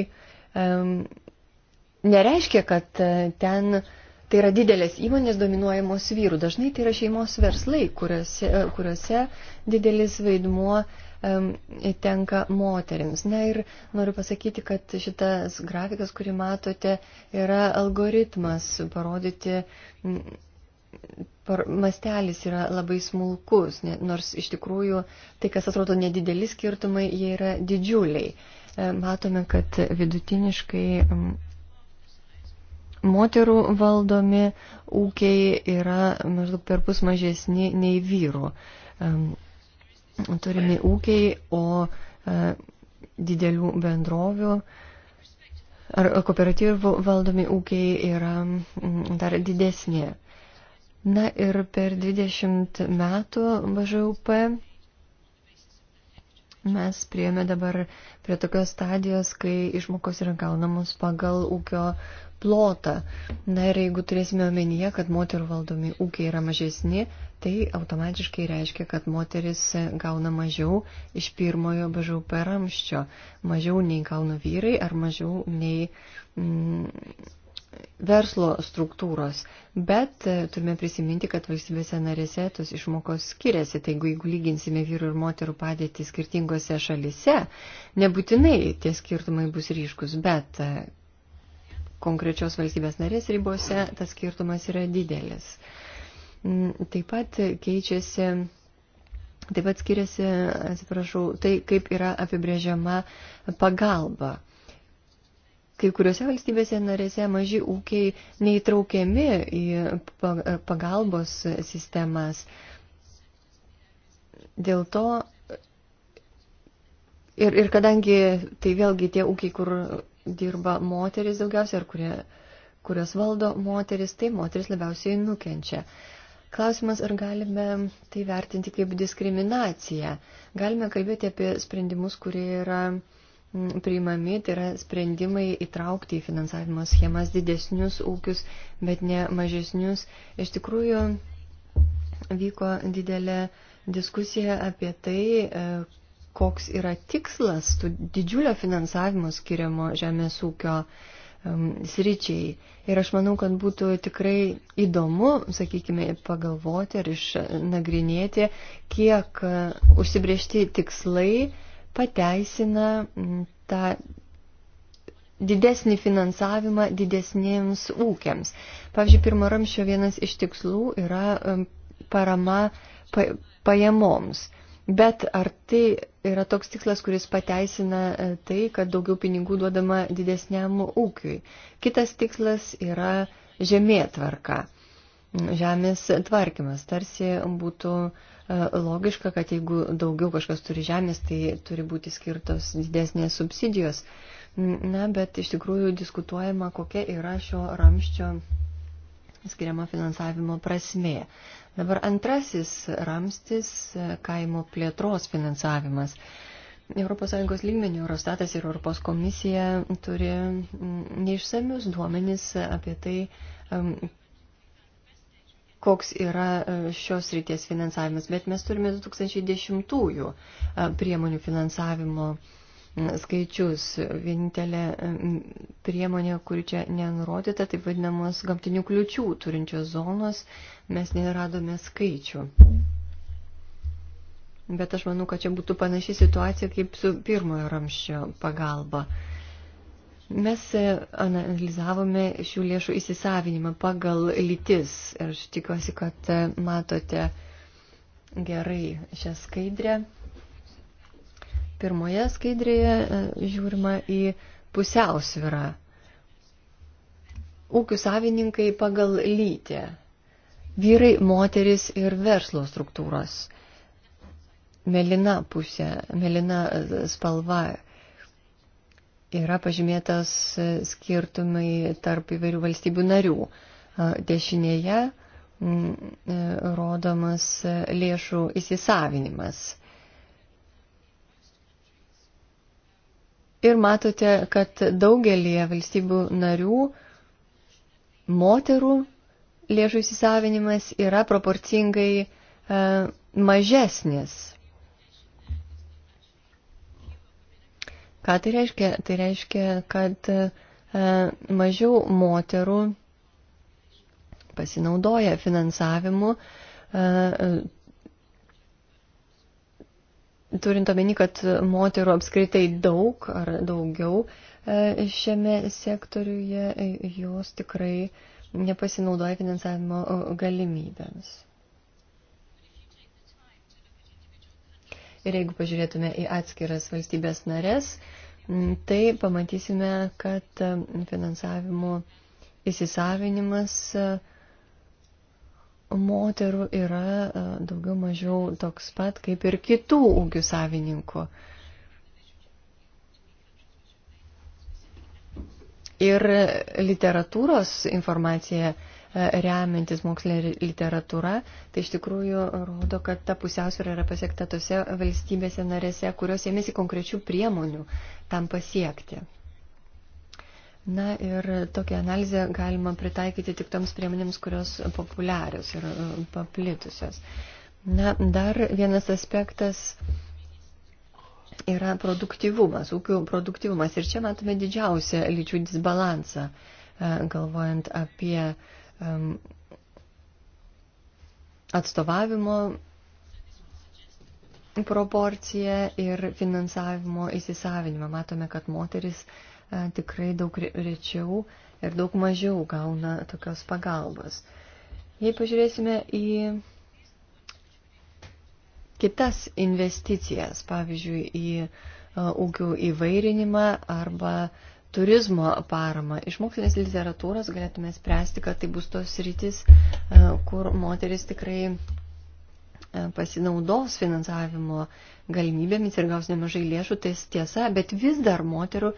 nereiškia, kad e, ten tai yra didelės įmonės dominuojamos vyrų. Dažnai tai yra šeimos verslai, kuriuose, e, kuriuose didelis vaidmuo um, tenka moteriams. Na ir noriu pasakyti, kad šitas grafikas, kurį matote, yra algoritmas parodyti. M, mastelis yra labai smulkus, nors iš tikrųjų tai, kas atrodo nedideli skirtumai, jie yra didžiuliai. E, matome, kad vidutiniškai moterų valdomi ūkiai yra maždaug per pus mažesni nei vyrų turimi ūkiai, o e, didelių bendrovių ar kooperatyvų valdomi ūkiai yra dar didesnė. Na ir per 20 metų BŽUP mes priėmė dabar prie tokios stadijos, kai išmokos yra gaunamos pagal ūkio plotą. Na ir jeigu turėsime omenyje, kad moterų valdomi ūkiai yra mažesni, tai automatiškai reiškia, kad moteris gauna mažiau iš pirmojo bažau per ramščio, mažiau nei gauna vyrai ar mažiau nei. Mm, verslo struktūros, bet e, turime prisiminti, kad valstybėse narėse tos išmokos skiriasi. Tai jeigu, jeigu lyginsime vyrų ir moterų padėtį skirtingose šalise, nebūtinai tie skirtumai bus ryškus, bet e, konkrečios valstybės narės ribose tas skirtumas yra didelis. Mm, taip pat keičiasi, taip pat skiriasi, atsiprašau, tai kaip yra apibrėžiama pagalba. Kai kuriuose valstybėse narėse maži ūkiai neįtraukiami į pagalbos sistemas. Dėl to Ir, ir kadangi tai vėlgi tie ūkiai, kur dirba moteris daugiausia ir kurie, kurios valdo moteris, tai moteris labiausiai nukenčia. Klausimas, ar galime tai vertinti kaip diskriminaciją? Galime kalbėti apie sprendimus, kurie yra mm, priimami, tai yra sprendimai įtraukti į finansavimo schemas didesnius ūkius, bet ne mažesnius. Iš tikrųjų, vyko didelė diskusija apie tai, e, koks yra tikslas tų didžiulio finansavimo skiriamo žemės ūkio um, sričiai. Ir aš manau, kad būtų tikrai įdomu, sakykime, pagalvoti ar išnagrinėti, kiek uh, užsibriežti tikslai pateisina um, tą didesnį finansavimą didesniems ūkiams. Pavyzdžiui, pirmo ramščio vienas iš tikslų yra um, parama pajamoms. Bet ar tai yra toks tikslas, kuris pateisina e, tai, kad daugiau pinigų duodama didesniam ūkiui. Kitas tikslas yra žemėtvarka, žemės tvarkymas. Tarsi būtų e, logiška, kad jeigu daugiau kažkas turi žemės, tai turi būti skirtos didesnės subsidijos. Na, bet iš tikrųjų diskutuojama, kokia yra šio ramščio skiriama finansavimo prasmė. Dabar antrasis ramstis - kaimo plėtros finansavimas. ES lygmenių Eurostatas ir Europos komisija turi mm, neišsamius duomenis apie tai, mm, koks yra e, šios ryties finansavimas, bet mes turime 2010 e, priemonių finansavimo skaičius. Vienintelė priemonė, kuri čia nenurodyta, taip vadinamos gamtinių kliučių turinčios zonos, mes neradome skaičių. Bet aš manau, kad čia būtų panaši situacija kaip su pirmojo ramščio pagalba. Mes e, analizavome šių lėšų įsisavinimą pagal lytis ir aš tikiuosi, kad e, matote gerai šią skaidrę. Pirmoje skaidrėje e, žiūrima į pusiausvyrą. Ūkių savininkai pagal lytį. Vyrai, moteris ir verslo struktūros. Melina pusė, melina e, spalva yra pažymėtas e, skirtumai tarp įvairių valstybių narių. Dešinėje rodomas lėšų įsisavinimas Ir matote, kad daugelį valstybių narių moterų lėšų įsisavinimas yra proporcingai e, mažesnis. Ką tai reiškia? Tai reiškia, kad e, mažiau moterų pasinaudoja finansavimu e, turint omeny, kad moterų apskritai daug ar daugiau e, šiame sektoriuje, e, jos tikrai nepasinaudoja finansavimo e, galimybėms. Ir jeigu pažiūrėtume į atskiras valstybės narės, tai pamatysime, kad finansavimo įsisavinimas uh, moterų yra e, daugiau mažiau toks pat kaip ir kitų ūkių savininkų. Ir literatūros informacija e, remiantis mokslinė literatūra, tai iš tikrųjų rodo, kad ta pusiausvėra yra pasiekta tose valstybėse narėse, kurios ėmėsi konkrečių priemonių tam pasiekti. Na ir tokią analizę galima pritaikyti tik toms priemonėms, kurios populiarios ir e, paplitusios. Na, dar vienas aspektas yra produktyvumas, ūkių produktyvumas. Ir čia matome didžiausią lyčių disbalansą, e, galvojant apie atstovavimo proporciją ir finansavimo įsisavinimą. Matome, kad moteris uh, E, tikrai daug rečiau ir daug mažiau gauna tokios pagalbos. Jei pažiūrėsime į kitas investicijas, pavyzdžiui, į e, ūkių įvairinimą arba turizmo paramą. Iš mokslinės literatūros galėtume spręsti, kad tai bus tos rytis, e, kur moteris tikrai E, pasinaudos finansavimo galimybėmis ir gaus nemažai lėšų, tai tiesa, bet vis dar moterų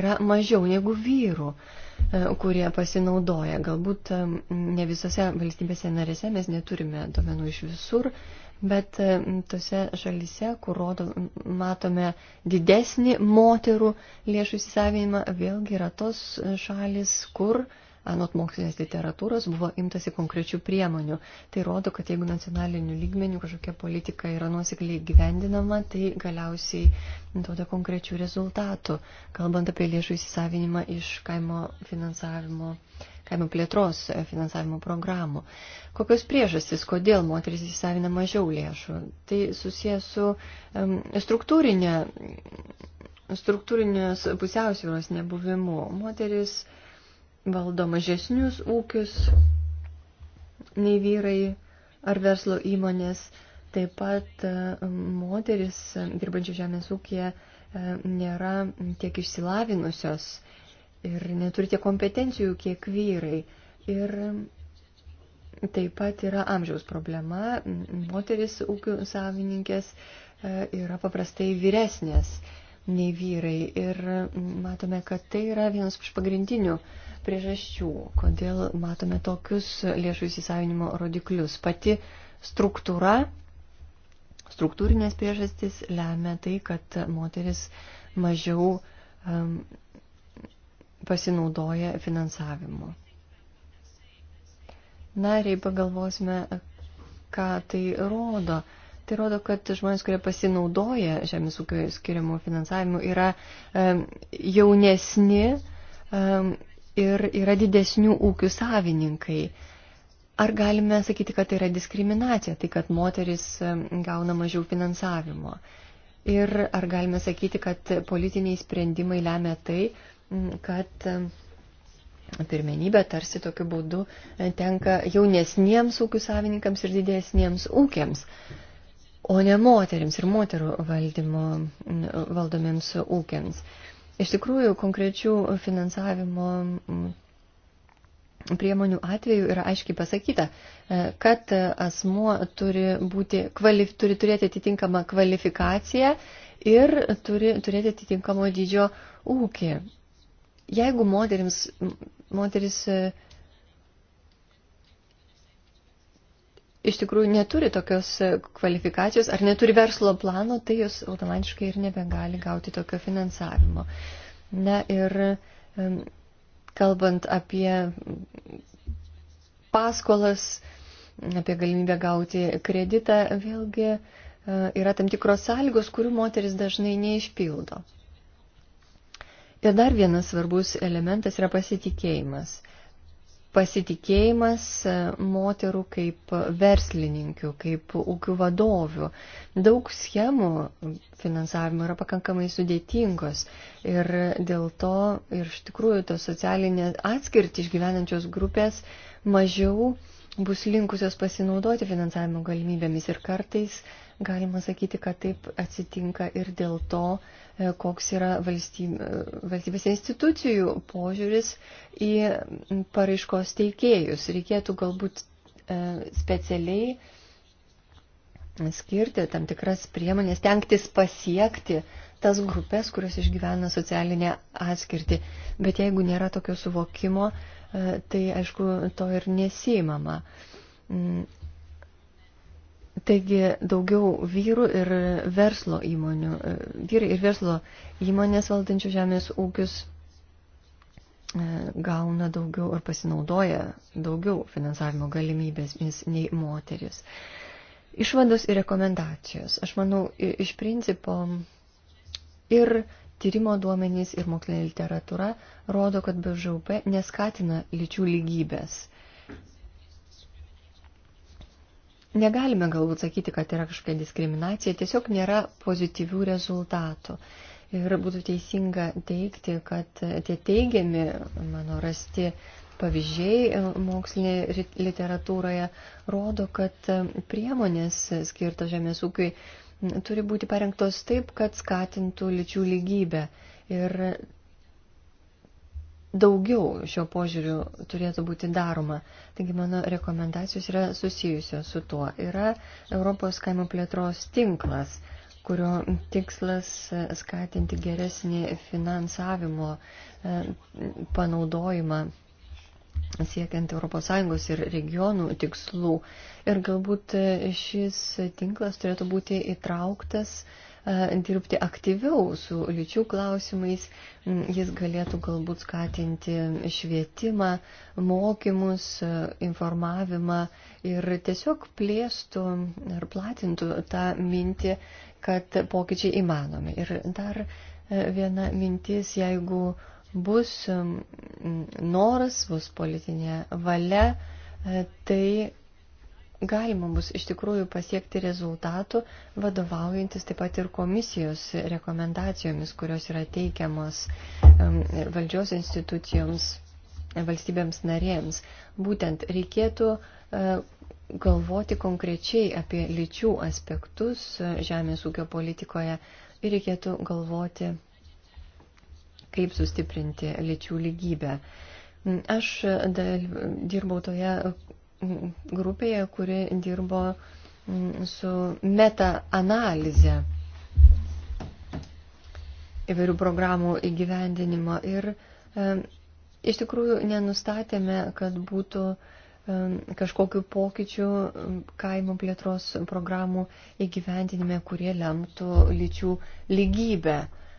yra mažiau negu vyrų, e, kurie pasinaudoja. Galbūt e, ne visose valstybėse narėse mes neturime domenų iš visur, bet tose šalise, kur rodo, matome didesnį moterų lėšų įsisavinimą, vėlgi yra tos šalis, kur uh, anot mokslinės literatūros buvo imtasi konkrečių priemonių. Tai rodo, kad jeigu nacionaliniu lygmeniu kažkokia politika yra nuosekliai gyvendinama, tai galiausiai duoda konkrečių rezultatų, kalbant apie lėšų įsisavinimą iš kaimo finansavimo kaimo plėtros e, finansavimo programų. Kokios priežastys, kodėl moteris įsisavina mažiau lėšų? Tai susijęs su um, struktūrinė, struktūrinės pusiausvyros nebuvimu. Moteris uh, valdo mažesnius ūkius nei vyrai ar verslo įmonės. Taip pat e, moteris e, dirbančių žemės ūkija e, nėra tiek išsilavinusios ir neturi tiek kompetencijų, kiek vyrai. Ir taip pat yra amžiaus problema. Moteris ūkių savininkės yra paprastai vyresnės nei vyrai. Ir matome, kad tai yra vienas iš pagrindinių uh, priežasčių, kodėl matome tokius lėšų įsisavinimo rodiklius. Pati struktūra, struktūrinės priežastys lemia tai, kad moteris mažiau um, pasinaudoja finansavimu. Na ir jei pagalvosime, ką tai rodo. Tai rodo, kad žmonės, kurie pasinaudoja žemės ūkio skiriamų finansavimų, yra um, jaunesni um, ir yra didesnių ūkių savininkai. Ar galime sakyti, kad tai yra diskriminacija, tai kad moteris gauna mažiau finansavimo? Ir ar galime sakyti, kad politiniai sprendimai lemia tai, kad pirmenybė tarsi tokiu būdu e, tenka jaunesniems ūkių savininkams ir didesniems ūkiams, o ne moteriams ir moterų valdymo valdomiems ūkiams? Iš tikrųjų, konkrečių finansavimo mm, priemonių atveju yra aiškiai pasakyta, e, kad asmuo turi, būti, kvalif, turi turėti atitinkamą kvalifikaciją ir turi turėti atitinkamo dydžio ūkį. Jeigu moterims, moteris, moteris iš tikrųjų neturi tokios e, kvalifikacijos ar neturi verslo plano, tai jos automatiškai ir nebegali gauti tokio finansavimo. Na ir kalbant apie paskolas, apie galimybę gauti kreditą, vėlgi e, yra tam tikros sąlygos, kurių moteris dažnai neišpildo. Ir dar vienas svarbus elementas yra pasitikėjimas pasitikėjimas e, moterų kaip verslininkių, kaip ūkių vadovių. Daug schemų finansavimo yra pakankamai sudėtingos ir dėl to ir iš tikrųjų tos socialinė atskirti išgyvenančios grupės mažiau bus linkusios pasinaudoti finansavimo galimybėmis ir kartais uh, galima sakyti, kad taip atsitinka ir dėl to, e, koks yra valstybės institucijų požiūris į paraiškos teikėjus. Reikėtų galbūt e, specialiai skirti tam tikras priemonės, tenktis pasiekti tas grupės, kurios išgyvena socialinę atskirtį. Bet jeigu nėra tokio suvokimo, e, tai aišku, to ir nesimama. Mm, Taigi daugiau vyrų ir verslo įmonių, e, vyrai ir verslo įmonės valdančių žemės ūkius e, gauna daugiau ir pasinaudoja daugiau finansavimo galimybėmis nei moteris. Išvados ir rekomendacijos. Aš manau, iš principo ir tyrimo duomenys, ir mokslinė literatūra rodo, kad BŽUP neskatina lyčių lygybės negalime galbūt sakyti, kad yra kažkokia diskriminacija, tiesiog nėra pozityvių rezultatų. Ir būtų teisinga teikti, kad tie teigiami mano rasti pavyzdžiai e, mokslinėje literatūroje rodo, kad e, priemonės skirtos žemės ūkiui turi būti parengtos taip, kad skatintų lyčių lygybę. Ir daugiau šio požiūriu turėtų būti daroma. Taigi mano rekomendacijos yra susijusios su tuo. Yra Europos kaimo plėtros tinklas, kurio tikslas e, skatinti geresnį finansavimo e, panaudojimą siekiant ES ir regionų tikslų. Ir galbūt e, šis tinklas turėtų būti įtrauktas uh, dirbti aktyviau su lyčių klausimais, mm, jis galėtų galbūt skatinti švietimą, mokymus, informavimą ir tiesiog plėstų ir platintų tą mintį, kad pokyčiai įmanomi. Ir dar viena mintis, jeigu bus noras, bus politinė valia, tai galima bus iš tikrųjų pasiekti rezultatų, vadovaujantis taip pat ir komisijos rekomendacijomis, kurios yra teikiamas valdžios institucijoms, valstybėms narėms. Būtent reikėtų e, galvoti konkrečiai apie lyčių aspektus e, žemės ūkio politikoje ir reikėtų galvoti, kaip sustiprinti lyčių lygybę. Aš e, dirbau toje grupėje, kuri dirbo mm, su meta-analize įvairių programų įgyvendinimo. Ir e, iš tikrųjų nenustatėme, kad būtų e, kažkokiu pokyčiu kaimo plėtros programų įgyvendinime, kurie lemtų lyčių lygybę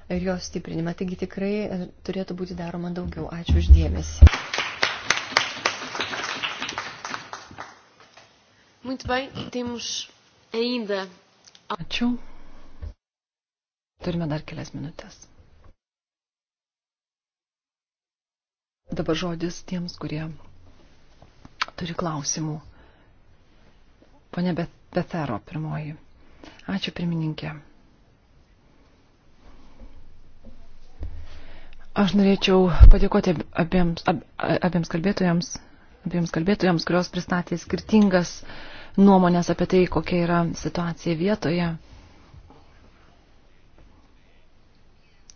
ir jos stiprinimą. Taigi tikrai e, turėtų būti daroma daugiau. Ačiū uždėmesi. Muito bem, temos ainda. Ačiū. Turime dar kelias minutės. Dabar žodis tiems, kurie turi klausimų. Pone Bethero pirmoji. Ačiū pirmininkė. Aš norėčiau padėkoti abiems, ab, abiems kalbėtojams, abiems kalbėtojams, kurios pristatė skirtingas uh, nuomonės apie tai, kokia yra situacija vietoje.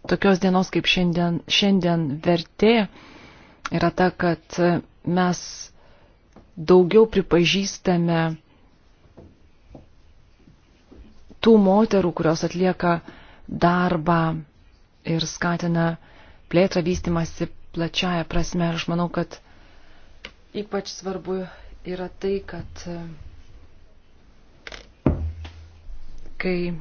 Tokios dienos kaip šiandien, šiandien vertė yra ta, kad mes daugiau pripažįstame tų moterų, kurios atlieka darbą ir skatina plėtrą vystimasi plačiaja prasme. Aš manau, kad ypač svarbu yra tai, kad kai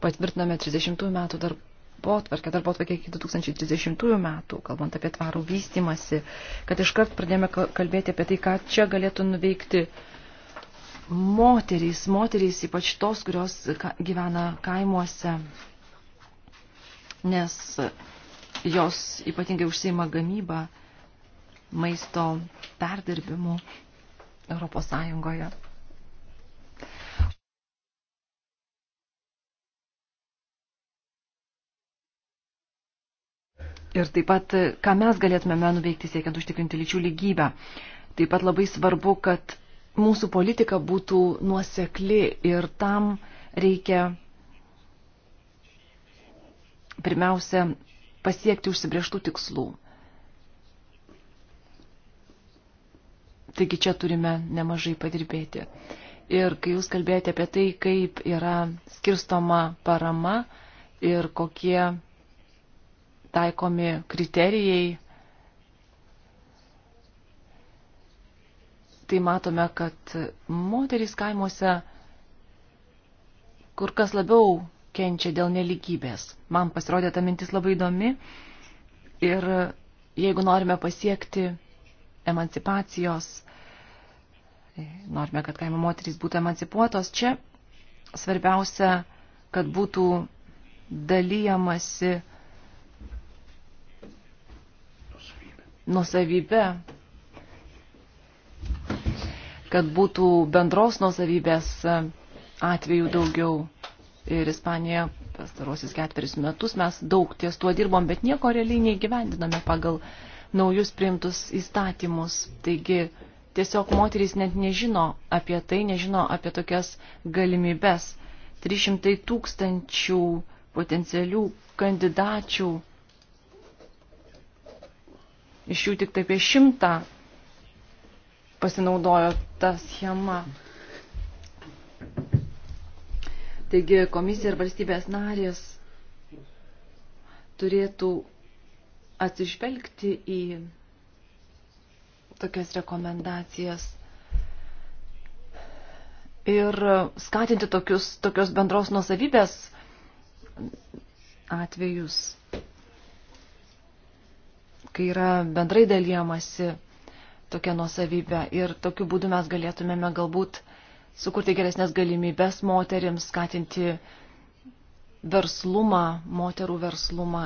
patvirtiname 30 metų darbo atvarkę, darbo atvarkę iki 2030 metų, kalbant apie tvarų vystimąsi, kad iškart pradėjome kalbėti apie tai, ką čia galėtų nuveikti moterys, moterys ypač tos, kurios gyvena kaimuose, nes jos ypatingai užsima gamybą maisto perdirbimu Europos Sąjungoje. Ir taip pat, ką mes galėtumėme nuveikti siekiant užtikrinti lyčių lygybę. Taip pat labai svarbu, kad mūsų politika būtų nuosekli ir tam reikia pirmiausia pasiekti užsibrieštų tikslų. Taigi čia turime nemažai padirbėti. Ir kai jūs kalbėjote apie tai, kaip yra skirstoma parama ir kokie taikomi kriterijai. Tai matome, kad moterys kaimuose kur kas labiau kenčia dėl neligybės. Man pasirodė ta mintis labai įdomi ir jeigu norime pasiekti emancipacijos, norime, kad kaimo moterys būtų emancipuotos, čia svarbiausia, kad būtų dalyjamasi nusavybę, kad būtų bendros nusavybės atvejų daugiau. Ir Ispanija pastarosius ketveris metus mes daug ties tuo dirbom, bet nieko realiai neįgyvendiname pagal naujus priimtus įstatymus. Taigi tiesiog moterys net nežino apie tai, nežino apie tokias galimybes. 300 tūkstančių potencialių kandidačių iš jų tik taip apie šimtą pasinaudojo tą schemą. Taigi komisija ir valstybės narės turėtų atsižvelgti į tokias rekomendacijas ir skatinti tokius, tokios bendros nuosavybės atvejus kai yra bendrai dalyjamasi tokia nuosavybė. Ir tokiu būdu mes galėtumėme galbūt sukurti geresnės galimybės moterims, skatinti verslumą, moterų verslumą.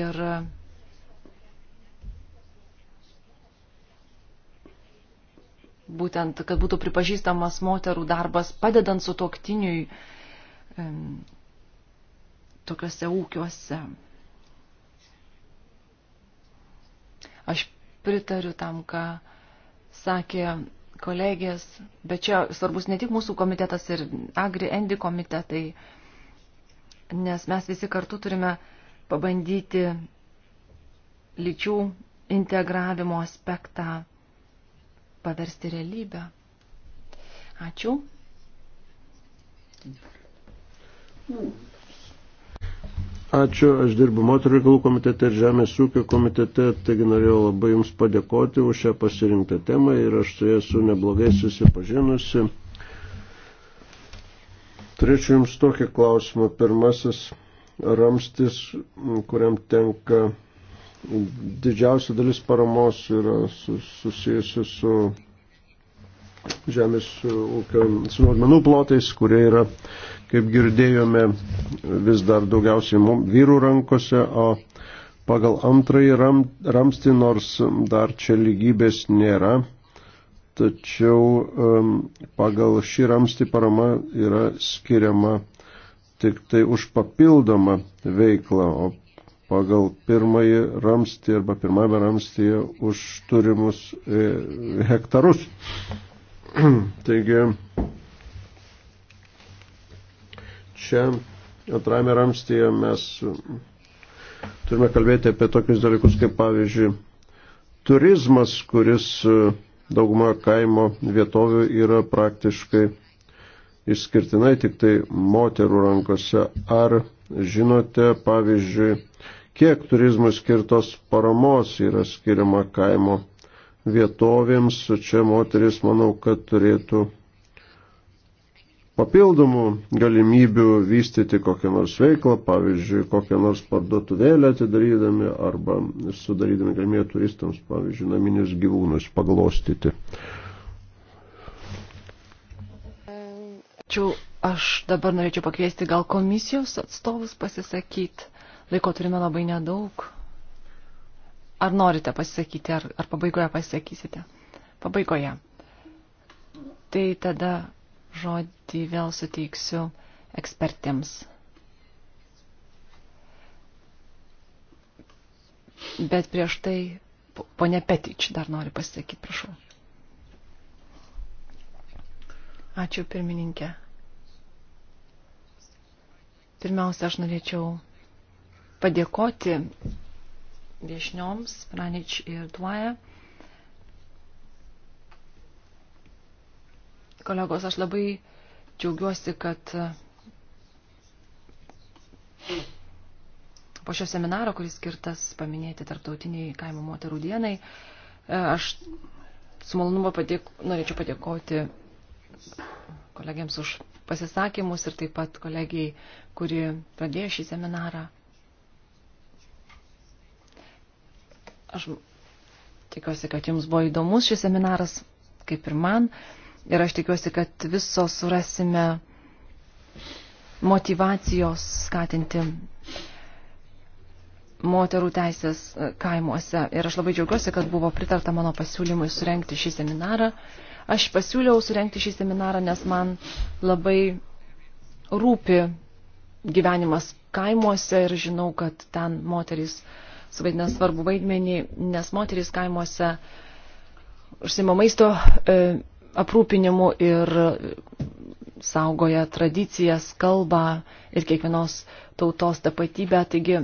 Ir būtent, kad būtų pripažįstamas moterų darbas, padedant su toktiniui tokiuose ūkiuose. pritariu tam, ką sakė kolegės, bet čia svarbus ne tik mūsų komitetas ir Agri Endi komitetai, nes mes visi kartu turime pabandyti lyčių integravimo aspektą paversti realybę. Ačiū. Mm. Ačiū, aš dirbu moterų reikalų komitete ir žemės ūkio komitete, taigi norėjau labai Jums padėkoti už šią pasirinktą temą ir aš su ja esu neblogai susipažinusi. Turėčiau Jums tokį klausimą. Pirmasis ramstis, kuriam tenka didžiausia dalis paramos, yra susijusi su žemės e, ūkio sunaudmenų plotais, kurie yra, kaip girdėjome, vis dar daugiausiai vyrų rankose, o pagal antrąjį ram, ramstį, nors dar čia lygybės nėra, tačiau um, pagal šį ramstį parama yra skiriama tik tai už papildomą veiklą, o pagal pirmąjį ramstį arba pirmame ramstyje už turimus e, hektarus. <clears throat> Taigi, čia antrame ramstyje mes turime kalbėti apie tokius dalykus, kaip pavyzdžiui, turizmas, kuris e, dauguma kaimo vietovių yra praktiškai išskirtinai tik tai moterų rankose. Ar žinote, pavyzdžiui, kiek turizmui skirtos paramos yra skiriama kaimo vietovėms. Čia moteris, manau, kad turėtų papildomų galimybių vystyti kokią nors veiklą, pavyzdžiui, kokią nors parduotuvėlę atidarydami arba sudarydami galimybę turistams, pavyzdžiui, naminius gyvūnus paglostyti. Ačiū. Aš dabar norėčiau pakviesti gal komisijos atstovus pasisakyti. Laiko turime labai nedaug. Ar norite pasisakyti, ar, ar pabaigoje pasisakysite? Pabaigoje. Tai tada žodį vėl suteiksiu ekspertėms. Bet prieš tai ponė Petič dar nori pasisakyti, prašau. Ačiū pirmininkė. Pirmiausia, aš norėčiau padėkoti viešnioms, Pranič ir Dvaja. Kolegos, aš labai džiaugiuosi, kad po šio seminaro, kuris skirtas paminėti tarptautiniai kaimo moterų dienai, aš su malonumu padėk, norėčiau padėkoti kolegiams už pasisakymus ir taip pat kolegijai, kuri pradėjo šį seminarą. Aš tikiuosi, kad jums buvo įdomus šis seminaras, kaip ir man. Ir aš tikiuosi, kad visos surasime motivacijos skatinti moterų teisės kaimuose. Ir aš labai džiaugiuosi, kad buvo pritarta mano pasiūlymui surenkti šį seminarą. Aš pasiūliau surenkti šį seminarą, nes man labai rūpi gyvenimas kaimuose ir žinau, kad ten moterys uh, suvaidina svarbu vaidmenį, nes moterys kaimuose užsima maisto e, aprūpinimu ir saugoja tradicijas, kalbą ir kiekvienos tautos tapatybę. Taigi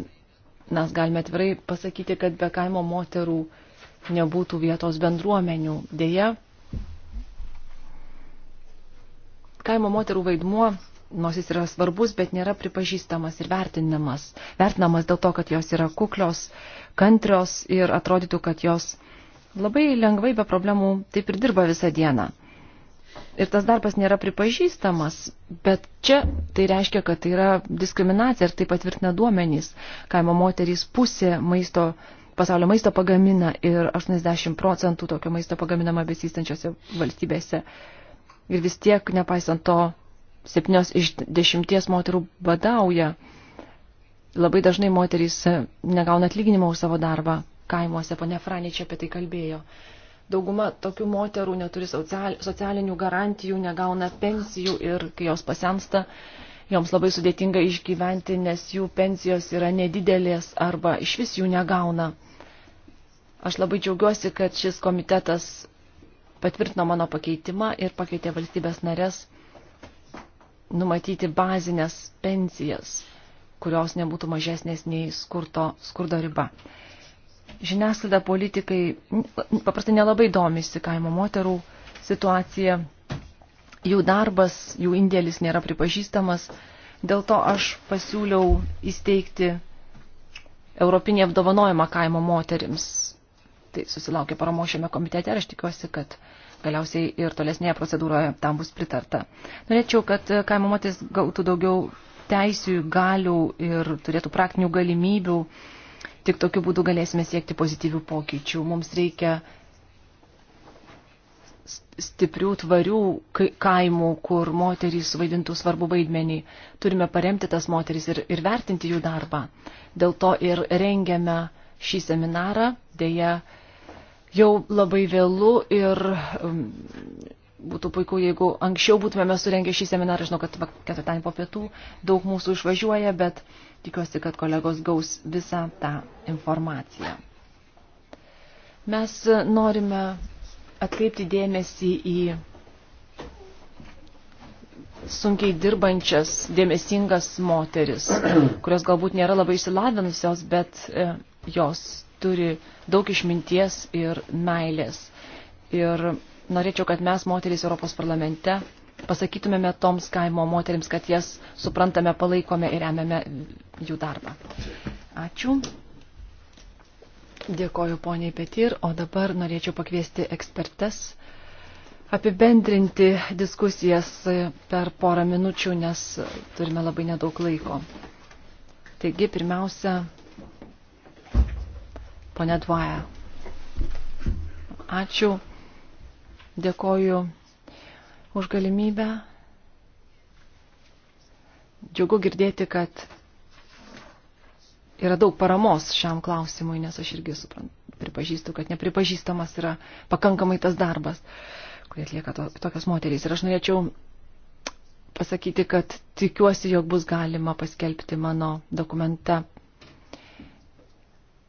mes galime atvirai pasakyti, kad be kaimo moterų nebūtų vietos bendruomenių. Deja, kaimo moterų vaidmuo nors jis yra svarbus, bet nėra pripažįstamas ir vertinamas. Vertinamas dėl to, kad jos yra kuklios, kantrios ir atrodytų, kad jos labai lengvai be problemų taip ir dirba visą dieną. Ir tas darbas nėra pripažįstamas, bet čia tai reiškia, kad tai yra diskriminacija ir tai patvirtina duomenys. Kaimo moterys pusė maisto, pasaulio maisto pagamina ir 80 procentų tokio maisto pagaminama besistančiose valstybėse. Ir vis tiek, nepaisant to, septynios iš dešimties moterų badauja. Labai dažnai moterys e, negauna atlyginimo už savo darbą kaimuose, ponia Franė čia apie tai kalbėjo. Dauguma tokių moterų neturi socialinių garantijų, negauna pensijų ir kai jos pasensta, joms labai sudėtinga išgyventi, nes jų pensijos yra nedidelės arba iš vis jų negauna. Aš labai džiaugiuosi, kad šis komitetas patvirtino mano pakeitimą ir pakeitė valstybės narės numatyti bazinės pensijas, kurios nebūtų mažesnės nei skurto, skurdo riba. Žiniasklaida politikai paprastai nelabai domisi kaimo moterų situacija, jų darbas, jų indėlis nėra pripažįstamas, dėl to aš pasiūliau įsteigti Europinį apdovanojimą kaimo moterims. Tai susilaukė paramo šiame komitete ir aš tikiuosi, kad uh, galiausiai ir tolesnėje procedūroje tam bus pritarta. Norėčiau, kad kaimo moteris gautų daugiau teisių, galių ir turėtų praktinių galimybių. Tik tokiu būdu galėsime siekti pozityvių pokyčių. Mums reikia stiprių, tvarių kaimų, kur moterys vaidintų svarbu vaidmenį. Turime paremti tas moteris ir, ir vertinti jų darbą. Dėl to ir rengiame šį seminarą. Deja, jau labai vėlų ir um, būtų puiku, jeigu anksčiau būtumėme surengę šį seminarą. Žinau, kad ketvirtadienį po pietų daug mūsų išvažiuoja, bet tikiuosi, kad kolegos gaus visą tą informaciją. Mes norime atkreipti dėmesį į sunkiai dirbančias, dėmesingas moteris, kurios galbūt nėra labai išsilavinusios, bet e, jos turi daug išminties ir meilės. Ir norėčiau, kad mes, moterys Europos parlamente, pasakytumėme toms kaimo moterims, kad jas suprantame, palaikome ir remiame jų darbą. Ačiū. Dėkoju poniai Petir, o dabar norėčiau pakviesti ekspertes apibendrinti diskusijas per porą minučių, nes turime labai nedaug laiko. Taigi, pirmiausia, Pone Dvaja. Ačiū. Dėkoju už galimybę. Džiugu girdėti, kad yra daug paramos šiam klausimui, nes aš irgi suprantu, pripažįstu, kad nepripažįstamas yra pakankamai tas darbas, kurį atlieka to, tokios moterys. Ir aš norėčiau pasakyti, kad tikiuosi, jog bus galima paskelbti mano dokumentą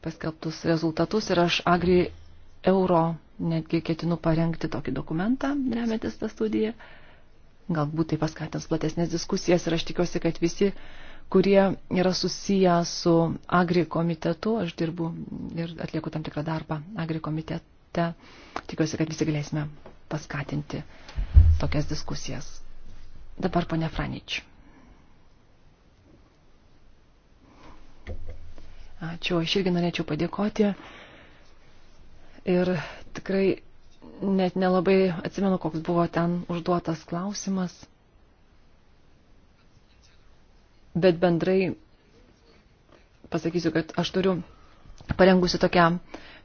paskelbtus rezultatus ir aš Agri Euro netgi ketinu parengti tokį dokumentą, remiantis tą studiją. Galbūt tai paskatins platesnės diskusijas ir aš tikiuosi, kad visi, kurie yra susiję su Agri komitetu, aš dirbu ir atlieku tam tikrą darbą Agri komitete, tikiuosi, kad visi galėsime paskatinti tokias diskusijas. Dabar ponia Franič. Ačiū, aš irgi norėčiau padėkoti. Ir tikrai net nelabai atsimenu, koks buvo ten užduotas klausimas. Bet bendrai pasakysiu, kad aš turiu parengusi tokią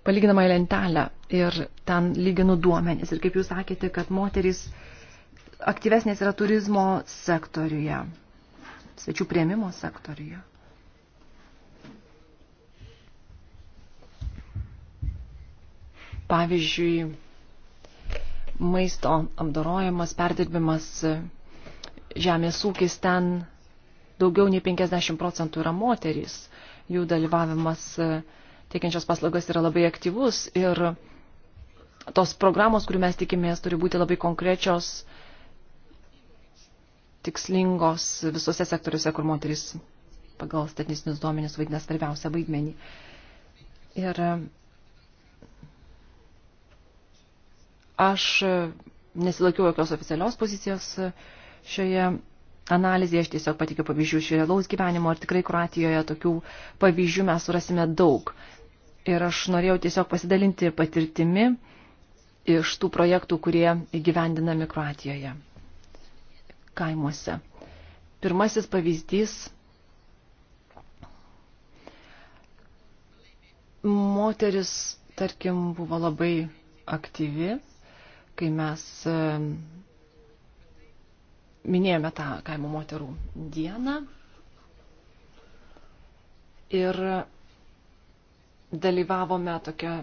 palyginamą lentelę ir ten lyginu duomenis. Ir kaip jūs sakėte, kad moterys aktyvesnės yra turizmo sektoriuje, svečių prieimimo sektoriuje. Pavyzdžiui, maisto apdorojimas, perdirbimas, žemės ūkis ten daugiau nei 50 procentų yra moterys. Jų dalyvavimas e, teikiančios paslaugas yra labai aktyvus ir tos programos, kurių mes tikimės, turi būti labai konkrečios, tikslingos visose sektoriuose, kur moteris pagal statistinius duomenis vaidina svarbiausią vaidmenį. Ir Aš e, nesilaikiau jokios oficialios pozicijos e, šioje analizėje, aš tiesiog patikiu pavyzdžių iš realaus gyvenimo ir tikrai Kroatijoje tokių pavyzdžių mes surasime daug. Ir aš norėjau tiesiog pasidalinti patirtimi iš tų projektų, kurie įgyvendinami Kroatijoje kaimuose. Pirmasis pavyzdys moteris, tarkim, buvo labai aktyvi kai mes e, minėjome tą kaimo moterų dieną. Ir dalyvavome tokia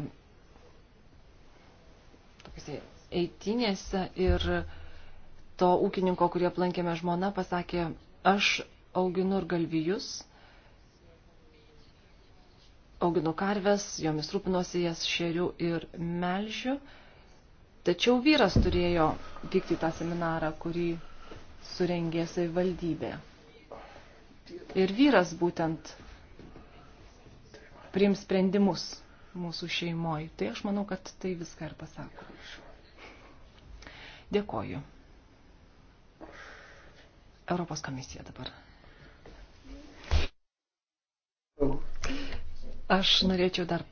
eitinėse ir to ūkininko, kurį aplankėme žmona, pasakė, aš auginu ir galvijus, auginu karves, jomis rūpinosi jas šeriu ir melžiu. Tačiau vyras turėjo vykti tą seminarą, kurį surengė savivaldybė. Ir vyras būtent priims sprendimus mūsų šeimoje. Tai aš manau, kad tai viską ir pasako. Dėkoju. Europos komisija dabar. Aš norėčiau dar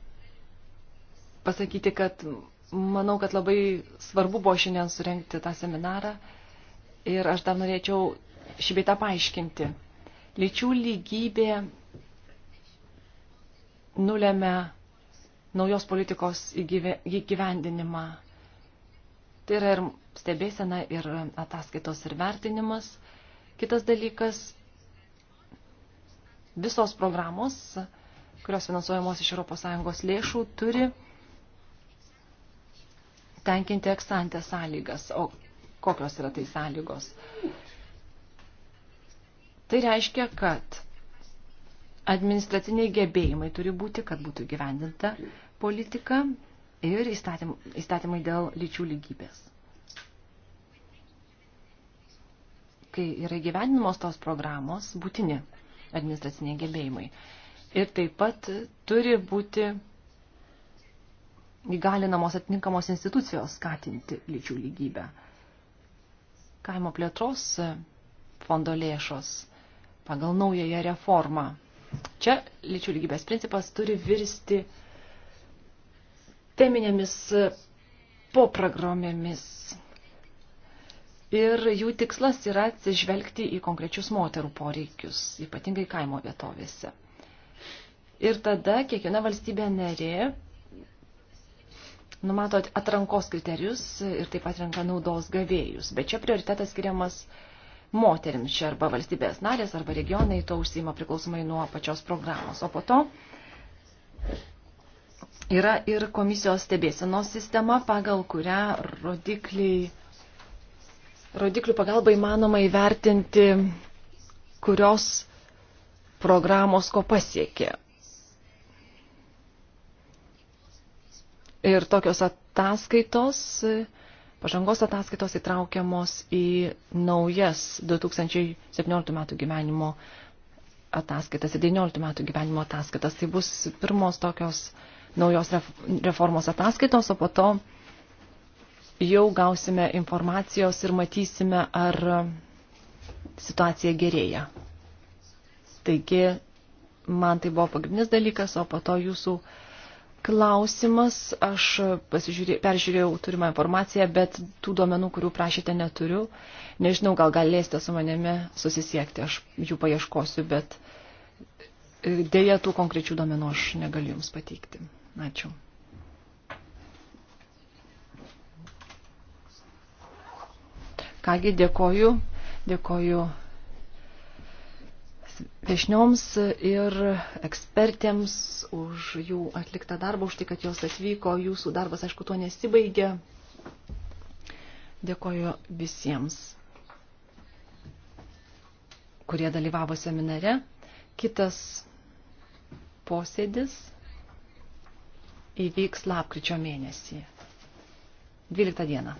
pasakyti, kad manau, kad labai svarbu buvo šiandien surenkti tą seminarą ir aš dar norėčiau šį beitą paaiškinti. Lyčių lygybė nulėmė naujos politikos įgyvendinimą. Tai yra ir stebėsena, ir ataskaitos, ir vertinimas. Kitas dalykas – visos programos, kurios finansuojamos iš ES lėšų, turi tenkinti eksantę sąlygas. O kokios yra tai sąlygos? Tai reiškia, kad administraciniai gebėjimai turi būti, kad būtų gyvendinta politika ir įstatymai dėl lyčių lygybės. Kai yra gyvendinimos tos programos, būtini administraciniai gebėjimai. Ir taip pat turi būti įgalinamos atitinkamos institucijos skatinti lyčių lygybę. Kaimo plėtros fondo lėšos pagal naująją reformą. Čia lyčių lygybės principas turi virsti teminėmis poprogramėmis. Ir jų tikslas yra atsižvelgti į konkrečius moterų poreikius, ypatingai kaimo vietovėse. Ir tada kiekviena valstybė narė numato atrankos kriterijus ir taip pat renka naudos gavėjus. Bet čia prioritetas skiriamas moterims, čia arba valstybės narės, arba regionai, to užsima priklausomai nuo pačios programos. O po to yra ir komisijos stebėsenos sistema, pagal kurią rodikliai, rodiklių pagalba įmanoma įvertinti, kurios programos ko pasiekė. Ir tokios ataskaitos, pažangos ataskaitos įtraukiamos į naujas 2017 metų gyvenimo ataskaitas ir 19 metų gyvenimo ataskaitas. Tai bus pirmos tokios naujos reformos ataskaitos, o po to jau gausime informacijos ir matysime, ar situacija gerėja. Taigi, man tai buvo pagrindinis dalykas, o po to jūsų uh, klausimas. Aš peržiūrėjau turimą informaciją, bet tų duomenų, kurių prašėte, neturiu. Nežinau, gal galėsite su manimi susisiekti, aš jų paieškosiu, bet e, dėja tų konkrečių duomenų aš negaliu Jums pateikti. Ačiū. Kągi, dėkoju. Dėkoju viešnioms ir ekspertėms už jų atliktą darbą, už tai, kad jos atvyko. Jūsų darbas, aišku, tuo nesibaigė. Dėkoju visiems, kurie dalyvavo seminare. Kitas posėdis įvyks lapkričio mėnesį. 12 dieną.